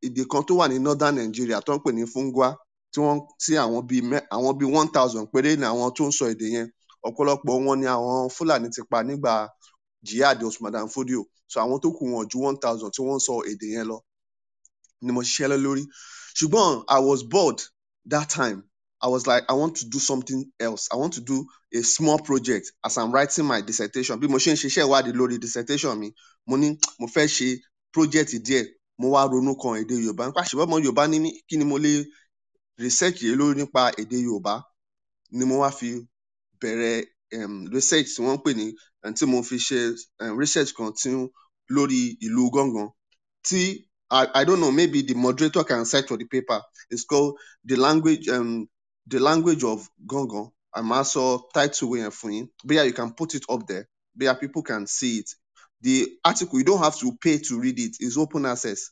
èdè kan tó wà ní northern Nigeria tán ń pè ní Fungwa tí wọn tí àwọn bíi àwọn bíi one thousand péré ni àwọn tó ń sọ èdè yẹn ọpọlọpọ wọn ni àwọn fúlàní ti pa nígbà jihad usman dan fodio so àwọn tó kù wọn ju one thousand tí wọn ń sọ èdè yẹn lọ ni mo ṣiṣẹ́ lé lórí ṣùgbọ́n i was bored that time i was like i want to do something else i want to do a small project as i'm writing my dissertation bí mo ṣe ń ṣiṣẹ́ ìwádìí lórí dissertation mi mo ní mo fẹ́ ṣe project díẹ̀ mo wá ronú kan èdè yorùbá nípa ṣùgbọ́n ọmọ yorùbá ní mí kí ni mo lè research lé lórí nípa èdè Yorùbá ni mo wá fi bẹ̀rẹ̀ um research tí wọ́n ń pè ní um tí mo fi ṣe um research kan tí lórí ìlú Gángan tí I, I don't know, maybe the moderator can cite for the paper. It's called The Language um, The Language of Gángan. I am also title yẹn fún yín. Bóyá you can put it up there. Bóyá people can see it. The article, you don't have to pay to read it. It's open access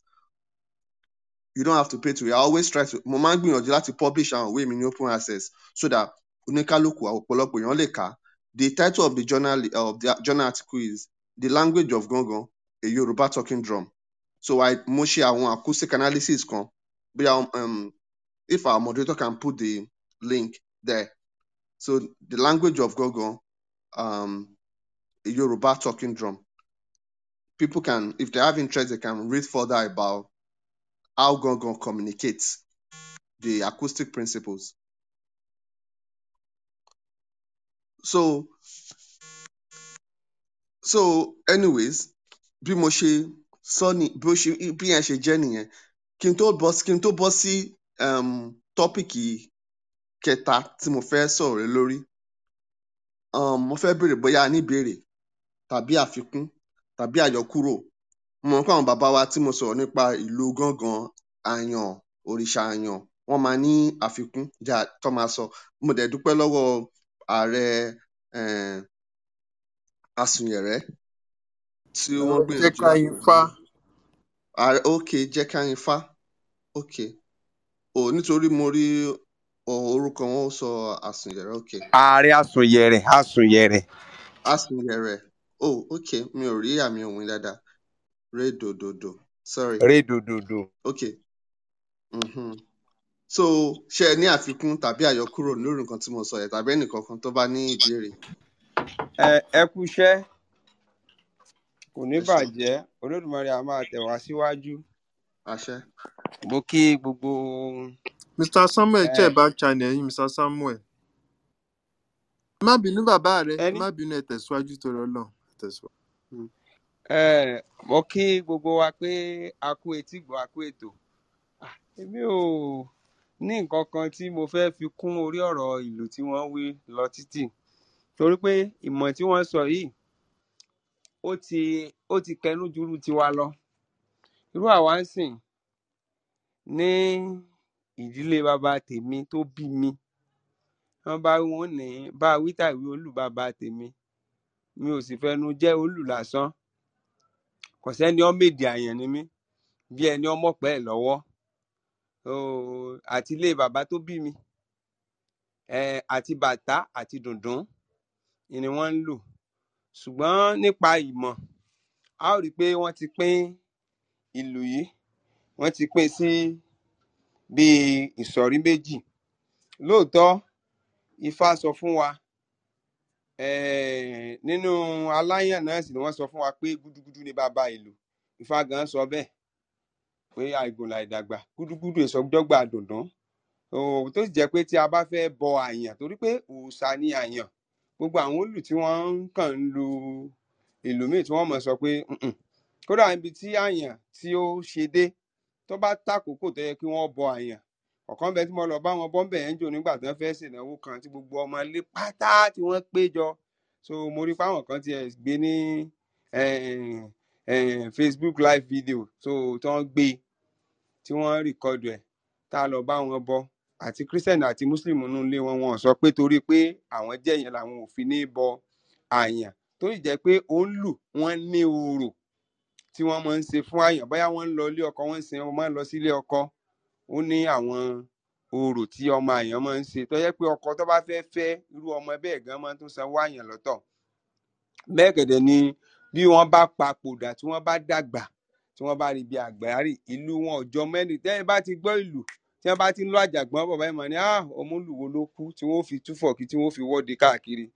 you don't have to pay to it. I always try to, mo máa ń gbìyànjú láti publish àwọn ìwé mi ní open access so that oníkálukú ọ̀pọ̀lọpọ̀ èèyàn lè kà. The title of the journal of the journal article is The Language of Gangan, a Yoruba Talking Drum. So I mo ṣe àwọn acoustic analysis kan bóyá um, if our moderator can put the link there. So The Language of Gangan, um, a Yoruba Talking Drum. People can, if they have interest, they can read further about how gangan communicates, the acoustic principles. So, so anyways, bí mo ṣe sọ ni bí ó ṣe bí yẹn ṣe jẹ́ nìyẹn. Kí n tó bọ́ kí n tó bọ́ sí um tọ́pìkì kẹta tí mo fẹ́ sọ̀rọ̀ lé lórí, um mo fẹ́ béèrè bóyá ní ìbéèrè tàbí àfikún tàbí àyọkúrò mo mọ̀ pé àwọn bàbá wa tí mo sọ̀rọ̀ nípa ìlo gángan, àyàn, òrìṣà àyàn, wọ́n máa ní àfikún tán máa sọ. Mo dẹ̀ dúpẹ́ lọ́wọ́ ààrẹ um Asùnyẹ̀rẹ́ tí wọ́n gbìyànjú. Jẹ́káyinfá. Ààrẹ okay Jẹ́káyinfá okay um nítorí mo rí um orúkọ wọn sọ Asùnyẹ̀rẹ́ okay. Ààrẹ Asùnyẹ̀rẹ̀ Asùnyẹ̀rẹ̀. Asùnyẹ̀rẹ̀ oh okay mi ò rí àmì ohùn dáadáa. Redododo. Sorry. Redododo. Okay. Mm-hmm. So ṣé ẹ ní àfikún tàbí àyọkúrò lórí nǹkan tí mo sọ yẹn tàbí ẹnìkankan tó bá ní ìbéèrè? Ẹ Ẹ kú iṣẹ́, kò ní bàjẹ́, Olódùmarè á máa tẹ̀ wá síwájú. Àṣẹ. Mo kí gbogbo. Mr Samuel jẹ́ ẹ̀ bá channel yín Mr Samuel. Má bínú bàbá rẹ̀, má bínú ẹ̀ tẹ̀síwájú torí Ọlọ́run. Ẹ ẹ eh, mo kí gbogbo wa pé a kú etí gbọ́ a kú ètò Ah, èmi ò ní nǹkan kan tí mo fẹ́ fi kún orí ọ̀rọ̀ ìlú tí wọ́n wí lọ títì torí pé ìmọ̀ tí wọ́n sọ yìí ó ti ó ti kẹnu juru tiwa lọ irú àwa ń sìn ní ìdílé bàbá tèmi tó bí mi wọn bá wọn ní bá wítàwí olùbàbá tèmi mi ò sì fẹnu jẹ́ olù kò sẹ́ni ọmọ èdè àyàn ni mí bí ẹni ọmọ pẹ́ ẹ̀ lọ́wọ́ àti ilé bàbá tó bí mi àti bàtà àti dùndún ni wọ́n ń lò ṣùgbọ́n nípa ìmọ̀ a ó rí i pé wọ́n ti pín ìlú yìí wọ́n ti pín sí bíi ìsọ̀rí méjì lóòótọ́ Ifá sọ fún wa Eh, nínú aláyàn náà sì ni wọ́n sọ fún wa pé gúdúgúdú ni bàbá ìlú Ifá gan sọ bẹ́ẹ̀ pé àìgùnlà ìdàgbà gúdúgúdú ìsọdọgba dùndún tó sì jẹ́ pé tí a bá fẹ́ bọ àyàn torí pé òòṣà ni àyàn gbogbo àwọn olù tí wọ́n kàn ń lu ìlú míì tí wọ́n mọ̀ sọ pé kódà ibi tí àyàn tí ó ṣe dé tó bá tàkókò tó yẹ kí wọ́n bọ àyàn ọ̀kan bẹ tí mo lọ bá wọn bọ́ńbẹ̀ yẹn jò nígbà tí wọ́n fẹ́ ṣènáwó kan tí gbogbo ọmọ ilé pátá tí wọ́n pé jọ so mo rí páwọn kan ti ẹ̀ gbé ní Facebook live video so tí wọ́n gbé tí wọ́n rìkọ́dù ẹ̀ tá a lọ bá wọn bọ àti Christian àti Muslim nínú ilé wọn wọn sọ pé torí pé àwọn jẹ́yẹn làwọn ò fi ní bọ àyàn tó sì jẹ́ pé ó ń lù wọ́n ní oòrò tí wọ́n máa ń ṣe fún àyàn bóyá wọ́n ń lọ ilé ọkọ wọ́n ń sin wọ́n máa ń lọ sí ọkọ ó ní àwọn orò tí ọmọ àyàn máa ń ṣe tó yẹ pé ọkọ tó bá fẹ́ fẹ́ irú ọmọ bẹ́ẹ̀ gan máa tún sanwó àyàn lọ́tọ̀ bẹ́ẹ̀ kẹ̀dẹ̀ ni bí wọ́n bá papòdà tí wọ́n bá dàgbà tí wọ́n bá rí bí àgbárí ìlú wọn ọjọ́ mẹ́rin tẹ́yìn bá ti gbọ́ ìlú tí wọ́n bá ti ń lọ àjàgbọ́n bàbá ìmọ̀ ni ah ọmọlúwo ló kú tí wọ́n fi túfọ̀ kí tí wọ́n fi wọ́de káàkiri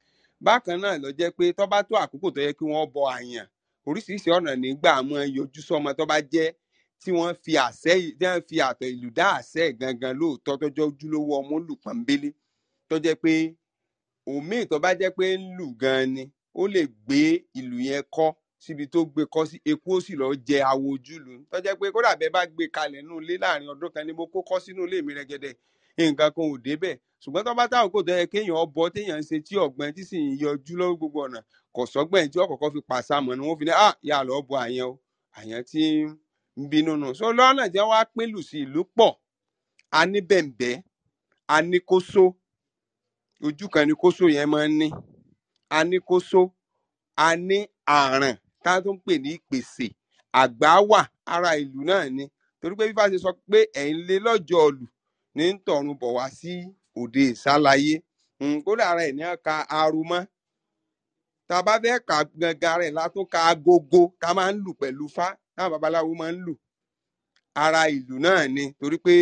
bákan náà ló jẹ́ pé tó bá tó àkókò tó yẹ kí wọ́n bọ àyàn oríṣiríṣi ọ̀nà nígbà mọ́ yọjú sọ́mọ tó bá jẹ́ tí wọ́n fi àṣẹ tí wọ́n fi àtọ̀ ìlú dá àṣẹ gangan lóòótọ́ tọ́jọ́ ojúlówó ọmọ lù pọ́nbélé tọ́jẹ́ pé òmíì tó bá jẹ́ pé ń lù gan ni ó lè gbé ìlú yẹn kọ́ síbi tó gbé kọ́ sí eku ó sì lọ jẹ awo ojúlu tọ́jẹ́ pé kódà bẹ́ẹ̀ bá gbé kalẹ̀ nínú ilé láàrin ọdún kan ni mo kó kọ́ sínú ilé mi rẹ́gẹ́dẹ́ nǹkan kan ò débẹ̀ ṣùgbọ́n tó bá táwọn kò tó yẹ kéèyàn bọ́ téèyàn ń ṣe tí ọ̀gbẹ́n tí sì ń yọjú lọ́wọ́ gbogbo ọ̀nà kọ̀sọ́gbẹ́n tí ọ̀kọ̀ọ̀kan fi pàṣà mọ̀ ni wọ́n fi ní à ah, yà lọ́ọ́ bọ àyẹn o àyẹn tí ń bínú nù so lọ́nà jẹ́ wá pín lù sí ìlú pọ̀ a ní bẹ̀m̀bẹ́ a ní kóso ojú kan ni kóso yẹn máa ń ní a ní kóso a ní àràn tá a tó pè ní ìpèsè àgbá wà ara ìlú náà ni torí pé bíbá ṣe sọ pé ẹ̀ ń lé lọ́jọ́ ọ̀lù ní ń tọ̀run bọ̀ wá sí òde ìsálayé kódà ara ẹ̀ ní ka arúmọ́ tá a bá fẹ́ ka gangan rẹ̀ látún ka agogo tá máa ń lù pẹ̀lú fá táwọn babaláwo máa ń lù ara ìlù náà ni torí pé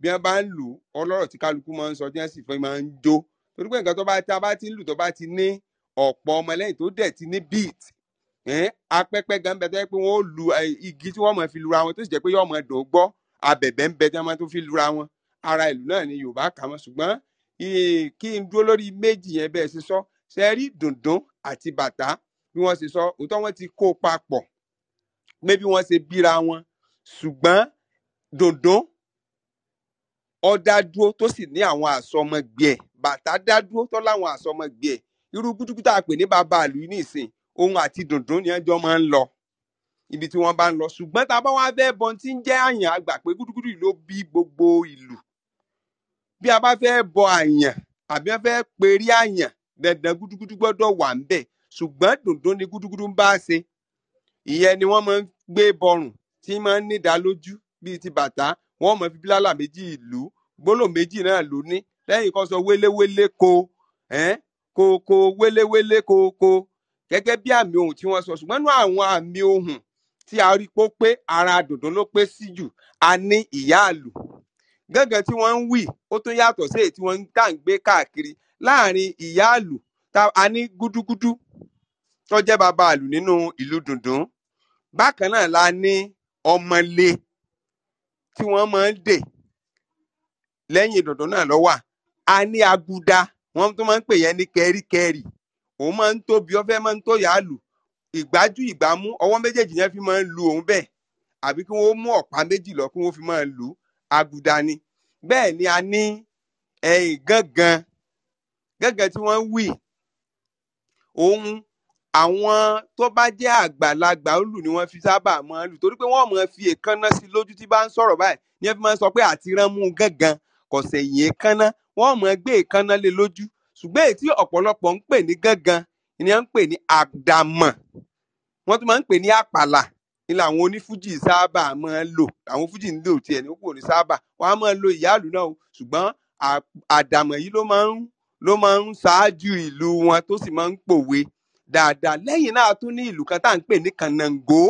bí wọ́n bá ń lù ọlọ́rọ̀ tí kálukú máa ń sọ tí sì fẹ́ máa ń jó torí pé nǹkan tó bá tá a bá ti ń lù tó bá ti ní ọ̀pọ̀ ọmọlẹ́yìn tó dẹ̀ ti ní beat apẹ́pẹ́ gan bẹ tó yẹ pé wọ́n ó lu igi tí wọ́n máa fi lura wọn tó sì jẹ́ pé yóò máa dùn gbọ́ abẹ̀bẹ̀ ń bẹ tí wọ́n máa tó fi lura wọn ara ìlù náà ni Yorùbá kà mọ́ ṣùgbọ́n kí n dúró lórí méjì yẹn bẹ́ẹ̀ ṣe sọ ṣe rí dùndún àti bàtà bí wọ́n ṣe sọ òótọ́ wọ́n ti kó papọ̀ pé bí wọ́n ṣe bíra wọn ṣùgbọ́n dòndón ó dá dúró tó sì ní àwọn àsọmọgbẹ ẹ̀ bàtà dá dúró tó láwọn àsọmọgbẹ ẹ̀ irú gúdúgúdú àpè ní bàbá àlù yìí nìsín òun àti dòndón ni ẹjọ́ máa ń lọ ibi tí wọ́n bá ń lọ ṣùgbọ́n tá a bá wá fẹ́ bọ́n tí ń jẹ́ àyàn àgbà pé gúdúgúdú ló bí gbogbo ìlú bí a bá fẹ́ bọ àyàn àbí wọ́n fẹ́ perí àyàn dandan gúdúgúdú gbọ́dọ̀ wà ń bẹ̀ ṣùgbọ́n dòndón ni gúdúgúdú ń bá ṣe ìyẹn ni wọ́n máa ń gbé bọrùn tí máa ń nídàálójú bíi ti bàtà wọ́n máa fi bílálà méjì ìlú gbólóhùn méjì náà ló ní lẹ́yìn kan sọ wéléwélé ko kòkò wéléwélé kòkò gẹ́gẹ́ bí àmì ohùn tí wọ́n sọ ṣùgbọ́n nínú àwọn àmì ohùn tí a rí pó pé ara dòdò ló pé sí jù a ní ìyá àlù gángan tí wọ́n ń wì ó tún yàtọ̀ sí èyí tí wọ́n ń tà ń gbé káàkiri láàrin ìyá àlù a ní gúdúgúdú tó jẹ́ bàbá àlù nínú ìlú dùndún bákan náà la ní ọmọlé tí wọ́n máa ń dè lẹ́yìn dòdò náà ló wà a ní aguda wọ́n tún máa ń pè yẹn ní kẹríkẹrí òun máa ń tóbi ọ̀fẹ́ máa ń tó yàá lù ìgbájú ìgbámú ọwọ́ méjèèjì yẹn fi máa ń lu òun bẹ́ẹ̀ àbí kí wọ́n mú ọ̀pá méjì lọ kí wọ́n fi máa lu aguda ni bẹ́ẹ̀ ni a ní ẹ̀yìn gángan gángan tí wọ́n wì òun àwọn tó bá jẹ́ àgbàlagbà ó lù ni wọ́n fi sábà máa lù torí pé wọ́n máa fi èékánná sí lójú tí bá ń sọ̀rọ̀ báyìí ni wọ́n fi máa ń sọ pé àti ránmú gángan kò sẹ̀yìn èékánná wọ́n máa gbé èékánná lé lójú ṣùgbọ́n èyí tí ọ̀pọ̀lọpọ̀ ń pè ní gángan ni wọ́n ń pè ní àdàmọ̀ wọ́n tún máa ń pè ní àpàlà ni làwọn onífújì sábà máa ń lò àwọn fújì ń lò tiẹ̀ ní kò ní sábà wọ́n á máa lo ìyáàlú náà ṣùgbọ́n àdàmọ̀ yìí ló máa ń ló máa ń ṣáájú ìlú wọn tó sì máa ń pòwe dáadáa lẹ́yìn náà tún ní ìlú kan tá à ń pè ní kànàngó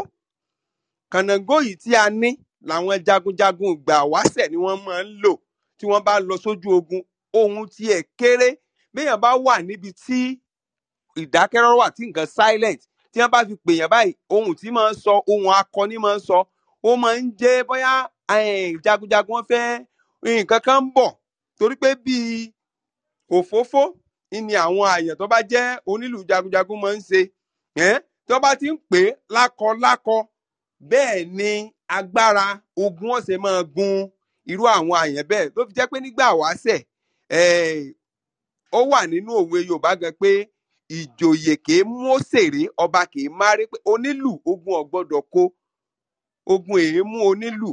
kànàngó yìí tí a ní làwọn jagunjagun ìgbà wáṣẹ̀ ni wọ́n máa ń lò tí wọ́n bá lọ sójú ogun ohun tiẹ̀ kéré béèyàn bá wà níbi tí ìdákẹ́rọ́rọ́ wà tí nǹkan silent tí wọ́n bá fi pèèyàn báyìí ohun tí máa ń sọ ohun akọni máa ń sọ ó máa ń jẹ́ bóyá jagunjagun fẹ́ nǹkan kan ń bọ̀ torí pé bíi òfófó ni àwọn àyàn tó bá jẹ́ onílù jagunjagun máa ń ṣe tó bá ti ń pè é lákọ lákọ bẹ́ẹ̀ ni agbára ogun ọ̀sẹ̀ máa gun irú àwọn àyàn bẹ́ẹ̀ tó fi jẹ́ pé nígbà wáṣẹ̀ ó wà nínú òwe Yorùbá gan pé ìjòyè kìí mú òṣèré ọba kìí máré pé onílù ogun ọ̀gbọ́dọ̀ kó ogun èémú onílù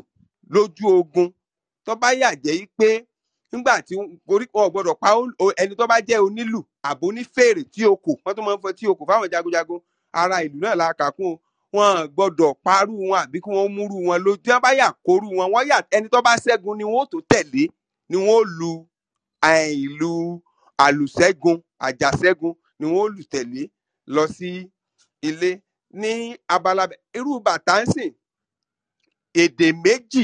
lójú ogun tó bá yà jẹ́ pé nígbà tí orí wọn gbọ́dọ̀ pa ẹni tó bá jẹ́ onílù àbò ní fèrè tí o kò wọn tó máa ń fọ tí o kò fáwọn jagunjagun ara ìlú náà la kà kún wọn gbọ́dọ̀ parú wọn àbí kí wọn múrú wọn lójú tí wọn bá yà kórú wọn wọn yà ẹni tó bá ṣẹ́gun ni wọn ó tó tẹ̀lé ni wọn ó lu ìlú àlùṣẹ́gun àjàṣẹ́gun ni wọn ó lù tẹ̀lé lọ sí ilé ní abala irú bàtà ń sìn èdè méjì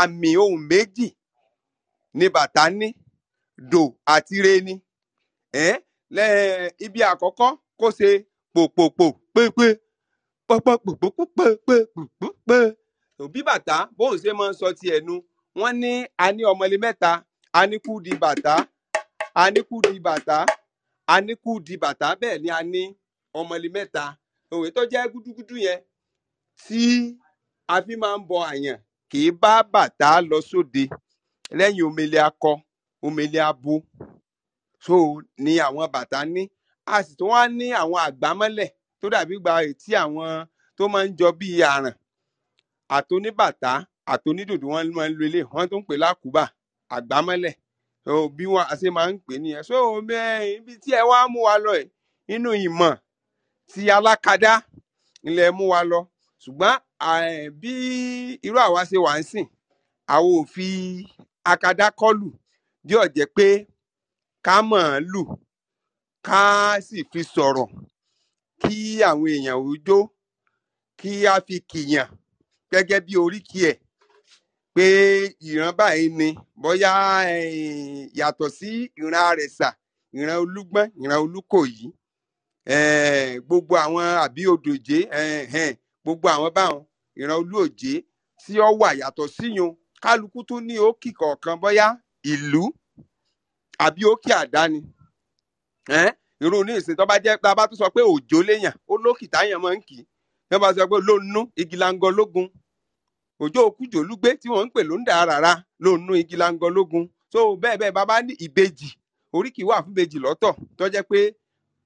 àmì ohùn méjì ni bàtà ní dò àti re ni ibi àkọ́kọ́ kó ṣe pòpòpò pépé pọpọpòpòpòpòpòpò òbí bàtà bóun ṣe máa ń sọ ti ẹnu wọn ní a ní ọmọlé mẹ́ta a ní kú di bàtà a ní kú di bàtà a ní kú di bàtà bẹ́ẹ̀ ni a ní ọmọlé mẹ́ta òwe tó jẹ́ gúdúgúdú yẹn tí a fi máa ń bọ àyàn kì í bá bàtà lọ sóde. So lẹ́yìn omele akọ omele abo so ni àwọn bàtá ní a sì tún wá ní àwọn àgbámọ́lẹ̀ tó dàbí gba ètí àwọn tó máa ń jọ bíi àràn àtoníbàtá àtonídòdò wọn máa ń lo ilé wọn tún ń pè lákùúbà àgbámọ́lẹ̀ so bí wọn ṣe máa ń pè nìyẹn so ibi tí ẹ wá mú wa lọ yìí nínú ìmọ̀ ti alákadá ilẹ̀ mú wa lọ ṣùgbọ́n bí irú àwa ṣe wà ń sìn àwa ò fi akada kọlù bí ó jẹ́ pé ká mọ̀ ọ́n lù ká sì fi sọ̀rọ̀ kí àwọn èèyàn ò kí a fi kìyàn gẹ́gẹ́ bí oríkì ẹ̀ pé ìran báyìí ni bóyá eh, yàtọ̀ sí ìran àrẹ̀sà ìran olúgbọ́n ìran olúkòyí eh, gbogbo àwọn àbí odòjé eh, gbogbo àwọn báwọn ìran olúòjé tí ó wà yàtọ̀ síyun kálukú tún ní òkì kọ̀ọ̀kan bóyá ìlú àbí òkì àdáni irú ní ìsìn tó bá jẹ́ pé a bá tún sọ pé òjò léyàn ó lókì táyàn máa ń kì í tó bá sọ pé lónú igi lango lógun òjò òkújò lúgbé tí wọ́n ń pè ló ń dà rárá lónú igi lango lógun tó bẹ́ẹ̀ bẹ́ẹ̀ bàbá ní ìbejì oríkì wà fún ìbejì lọ́tọ̀ tó jẹ́ pé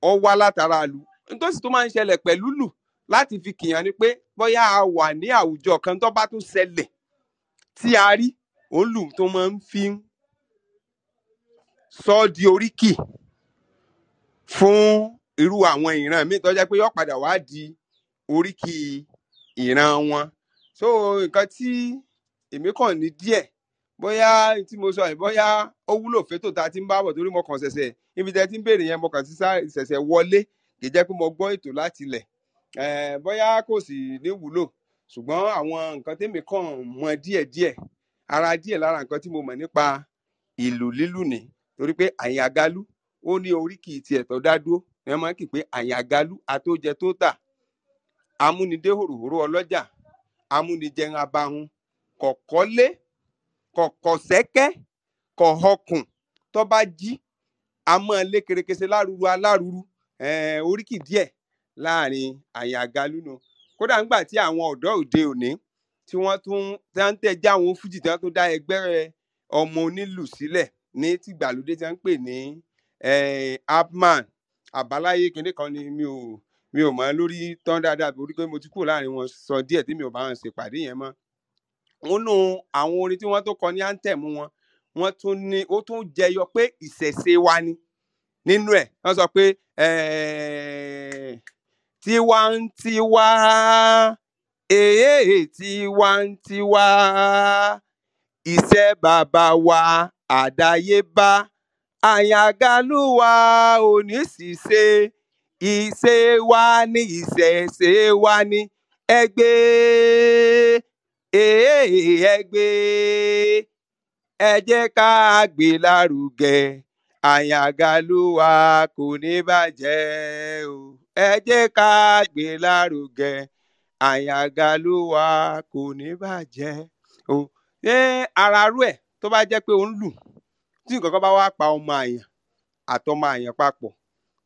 ọ wá látara lu nítòsí tó máa ń ṣẹlẹ̀ pẹ̀lú lù láti fi kìyàn ni pé bóyá a wà ní àwùjọ kan tó bá tún ṣẹlẹ̀ tí a rí òun lù tó máa ń fi sọ ọ di oríkì fún irú àwọn ìran míì tó jẹ́ pé yóò padà wá di oríkì ìran wọn so nǹkan tí èmi kàn ní díẹ̀ bóyá tí mo sọ yìí bóyá ó wúlò fétò tá a ti ń bá torí mo kàn ṣẹ̀ṣẹ̀ ibi tẹ́ ti ń béèrè yẹn mo kàn ṣẹ̀ṣẹ̀ wọlé kì í jẹ́ pé mo gbọ́ ètò láti ilẹ̀ bóyá kò sì ní wúlò ṣùgbọ́n àwọn nǹkan tèmi kàn mọ̀ díẹ̀díẹ̀ ara díẹ̀ lára nǹkan tí mo mọ̀ nípa ìlù lílù ni torí pé àyàngalú ó ní oríkì tiẹ̀ tó dá dúró ẹ máa ń kì pé àyàngalú atójẹ tó tà amúnidé hòròhòrò ọlọ́jà amúnijẹun abahun kọ̀kọ́lé kọ̀kọ̀sẹ́kẹ́ kọ̀họkùn tó bá jí a máa lé kerekese láruru aláruru oríkì díẹ̀ láàrin àyàngalú náà kódà ńgbà tí àwọn ọ̀dọ́ òde òní tí wọ́n tún dáńtẹ́ já àwọn fújì tí wọ́n tún dá ẹgbẹ́ ọmọ onílù sílẹ̀ ní tìgbàlódé tí wọ́n pè ní apman àbáláyé kinní kan ni mi ò mi ò mọ lórí tán dáadáa torí pé mo ti kúrò láàrin wọn sọ díẹ̀ tí mi ò bá wọn ṣèpàdé yẹn mọ́ nínú àwọn orin tí wọ́n tó kọ ní anthem wọn wọ́n tún ní ó tún jẹyọ pé ìṣẹ̀ṣe wa ni nínú ẹ̀ wọ́n sọ pé ẹ̀ẹ́ tiwantiwa èè tiwantiwa iṣẹ́ bàbá wa àdáyébá àyàngalúwa oníṣìṣe ìṣe wa ní ìṣẹ̀ṣe wa ní ẹgbẹ́ èè ẹgbẹ́ ẹ jẹ́ ká gbé lárugẹ àyàngalúwa kò ní bàjẹ́ o ẹ jẹ́ ká gbé lárugẹ àyàngalúwa kò ní bàjẹ́ o ṣé ara rú tó bá jẹ́ pé ó ń lù tí nǹkan bá wá pa ọmọ àyàn àtọmọ àyàn papọ̀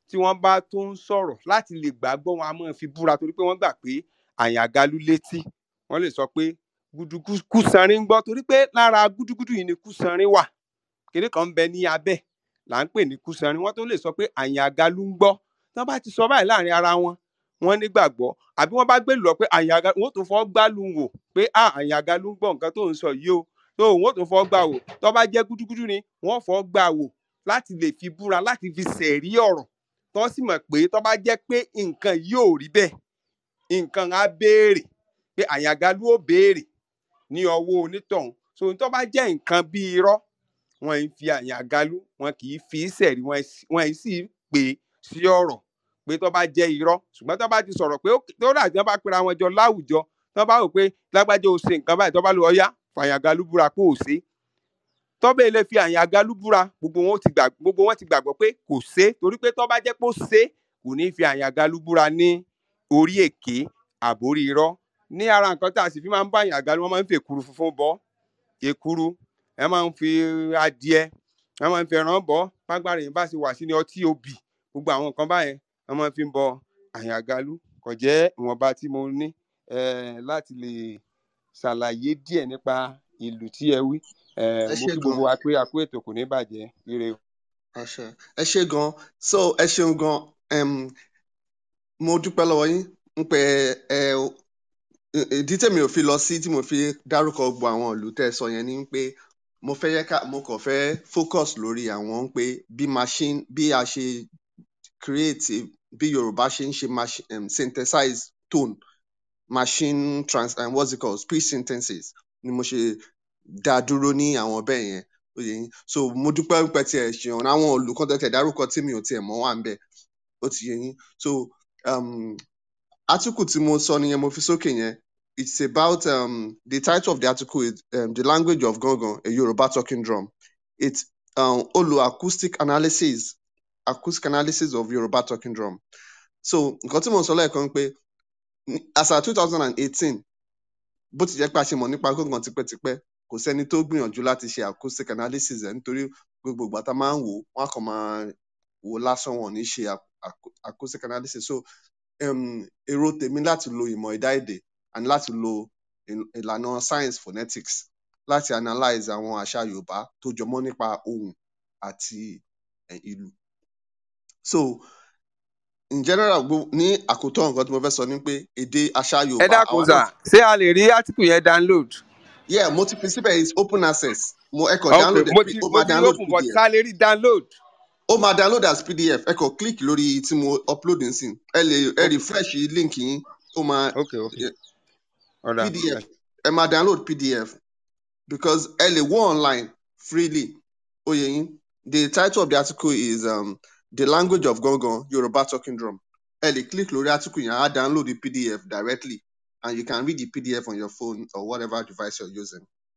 tí wọ́n bá tó ń sọ̀rọ̀ láti lè gbàgbọ́ wọn a máa fi búra torí pé wọ́n gbà pé àyàngalú létí wọ́n lè sọ pé gudugu kùsànrin ń gbọ́ torí pé lára gudugudu yìí ni kùsànrin wà kéré kan bẹ ní abẹ́ là ń pè ní kùsànrin wọ́n tó lè sọ pé àyàngalú ń gbọ́ tán bá ti sọ báyìí láàrin ara wọn wọn nígbàgbọ́ àbí wọn bá gbèlú ọ pé àyàgá wọn ò tún fọ gbálù wò pé à àyàgá ló ń gbọ́ nǹkan tó ń sọ yìí o tó wọn ò tún fọ gbà wò tó bá jẹ́ gúdúgúdú ni wọn fọ gbà wò láti lè fi búra láti fi sẹ̀rí ọ̀rọ̀ tó sì mọ̀ pé tó bá jẹ́ pé nǹkan yìí ò rí bẹ́ẹ̀ nǹkan á béèrè pé àyàgá ló ó béèrè ní ọwọ́ onítọ̀hún so tó bá jẹ́ nǹkan bíi irọ́ wọn ń fi àyàgá lú wọn kì í fi í sẹ̀rí wọn sì pè sí ọ̀rọ̀ pé tó bá jẹ́ irọ́ ṣùgbọ́n tó bá ti sọ̀rọ̀ pé tó rà tí wọ́n bá pera wọn jọ láwùjọ tó bá wò pé lágbájá ò ṣe nǹkan báyìí tó bá lò ọyá fàyàgalú búra pé ò ṣe tọ́bẹ̀ ilé fi àyàgalú búra gbogbo wọn ti gbàgbọ́ pé kò ṣe torí pé tó bá jẹ́ pé ó ṣe kò ní fi àyàgalú búra ní orí èké àbórí irọ́ ní ara nǹkan tá a sì fi máa ń bá àyàgalú wọn máa ń fi èkuru funfun bọ́ èkuru ẹ máa ń fi adìẹ ẹ máa ń fi ẹran bọ́ págbára yìí bá sì wà sí ni ọtí obì gbogbo àwọn nǹkan báyẹn wọ́n máa fi ń bọ àyàngalú kò jẹ́ ìwọ̀nba tí mo ní um láti lè ṣàlàyé díẹ̀ nípa ìlù tí ẹ wí um mo kí gbogbo wa pé ètò kò ní bàjẹ́ ire o. ẹ ṣé gan so ẹ ṣeun gan um mo dúpẹ́ lọ́wọ́ yín ń pẹ́ ẹ ìdí tèmi ò fi lọ sí tí mo fi dárúkọ gbogbo àwọn ìlú tẹ́ sọ yẹn ni pé mo fẹ́ yẹ ká mo kàn fẹ́ focus lórí àwọn pé bí machine bí a ṣe create a, bí Yorùbá machine um, synthesize tone machine trans And um, what's it called speech synthesis ni mo ṣe dá ní àwọn yẹn so mo dúpẹ́ pẹ́ tiẹ̀ ṣèyàn àwọn olùkọ́ tẹ̀ dárúkọ tí mi ò tiẹ̀ mọ̀ wà ń bẹ̀ ó ti mi o tie mo wa be o ti so um, article tí mo sọ nìyẹn mo fi sókè yẹn it's about um, the title of the article is um, the language of Gogo a yoruba talking drum it's um, acoustic analysis acoustic analysis of Yoruba talking drum. So nǹkan tí mò sọ lẹ́ẹ̀kan ni pé as at 2018, thousand and eighteen bó ti jẹ́ pé a ṣe mọ̀ nípa gbọ̀ngàn tipẹ́tipẹ́ kò sẹ́ni tó gbìyànjú láti ṣe acoustic analysis ẹ̀ nítorí gbogbo ìgbà tá a máa ń wò ó wọ́n á kàn máa wò ó lásán wọn ní ṣe acoustic analysis. So um, èrò tèmi láti lo ìmọ̀ ẹ̀dá èdè and láti lo ìlànà science phonetics láti analyse àwọn àṣà Yorùbá tó jọmọ́ nípa ohùn àti ìlù so in general gbo ní àkótán nǹkan tí mo fẹ́ sọ ni pé èdè àṣà yorùbá. ẹ dákun sá ṣé a lè rí átíkù yẹn download. yeah mo ti fi síbẹ̀ is open access mo ẹ download ẹ pé ó máa download pdf. mo ṣá lè rí download. ó ma download as pdf ẹ kàn click lórí tí mo upload sin. ẹ lè ẹ refresh link yín ó máa pdf ẹ ma download pdf because ẹ lè wò online freely ó yé the title of the article is. Um, The Language of Gongon, Yoruba Talking Drum. Ẹ click lórí article yẹn, download the PDF directly and you can read the PDF on your phone or whatever device you're using.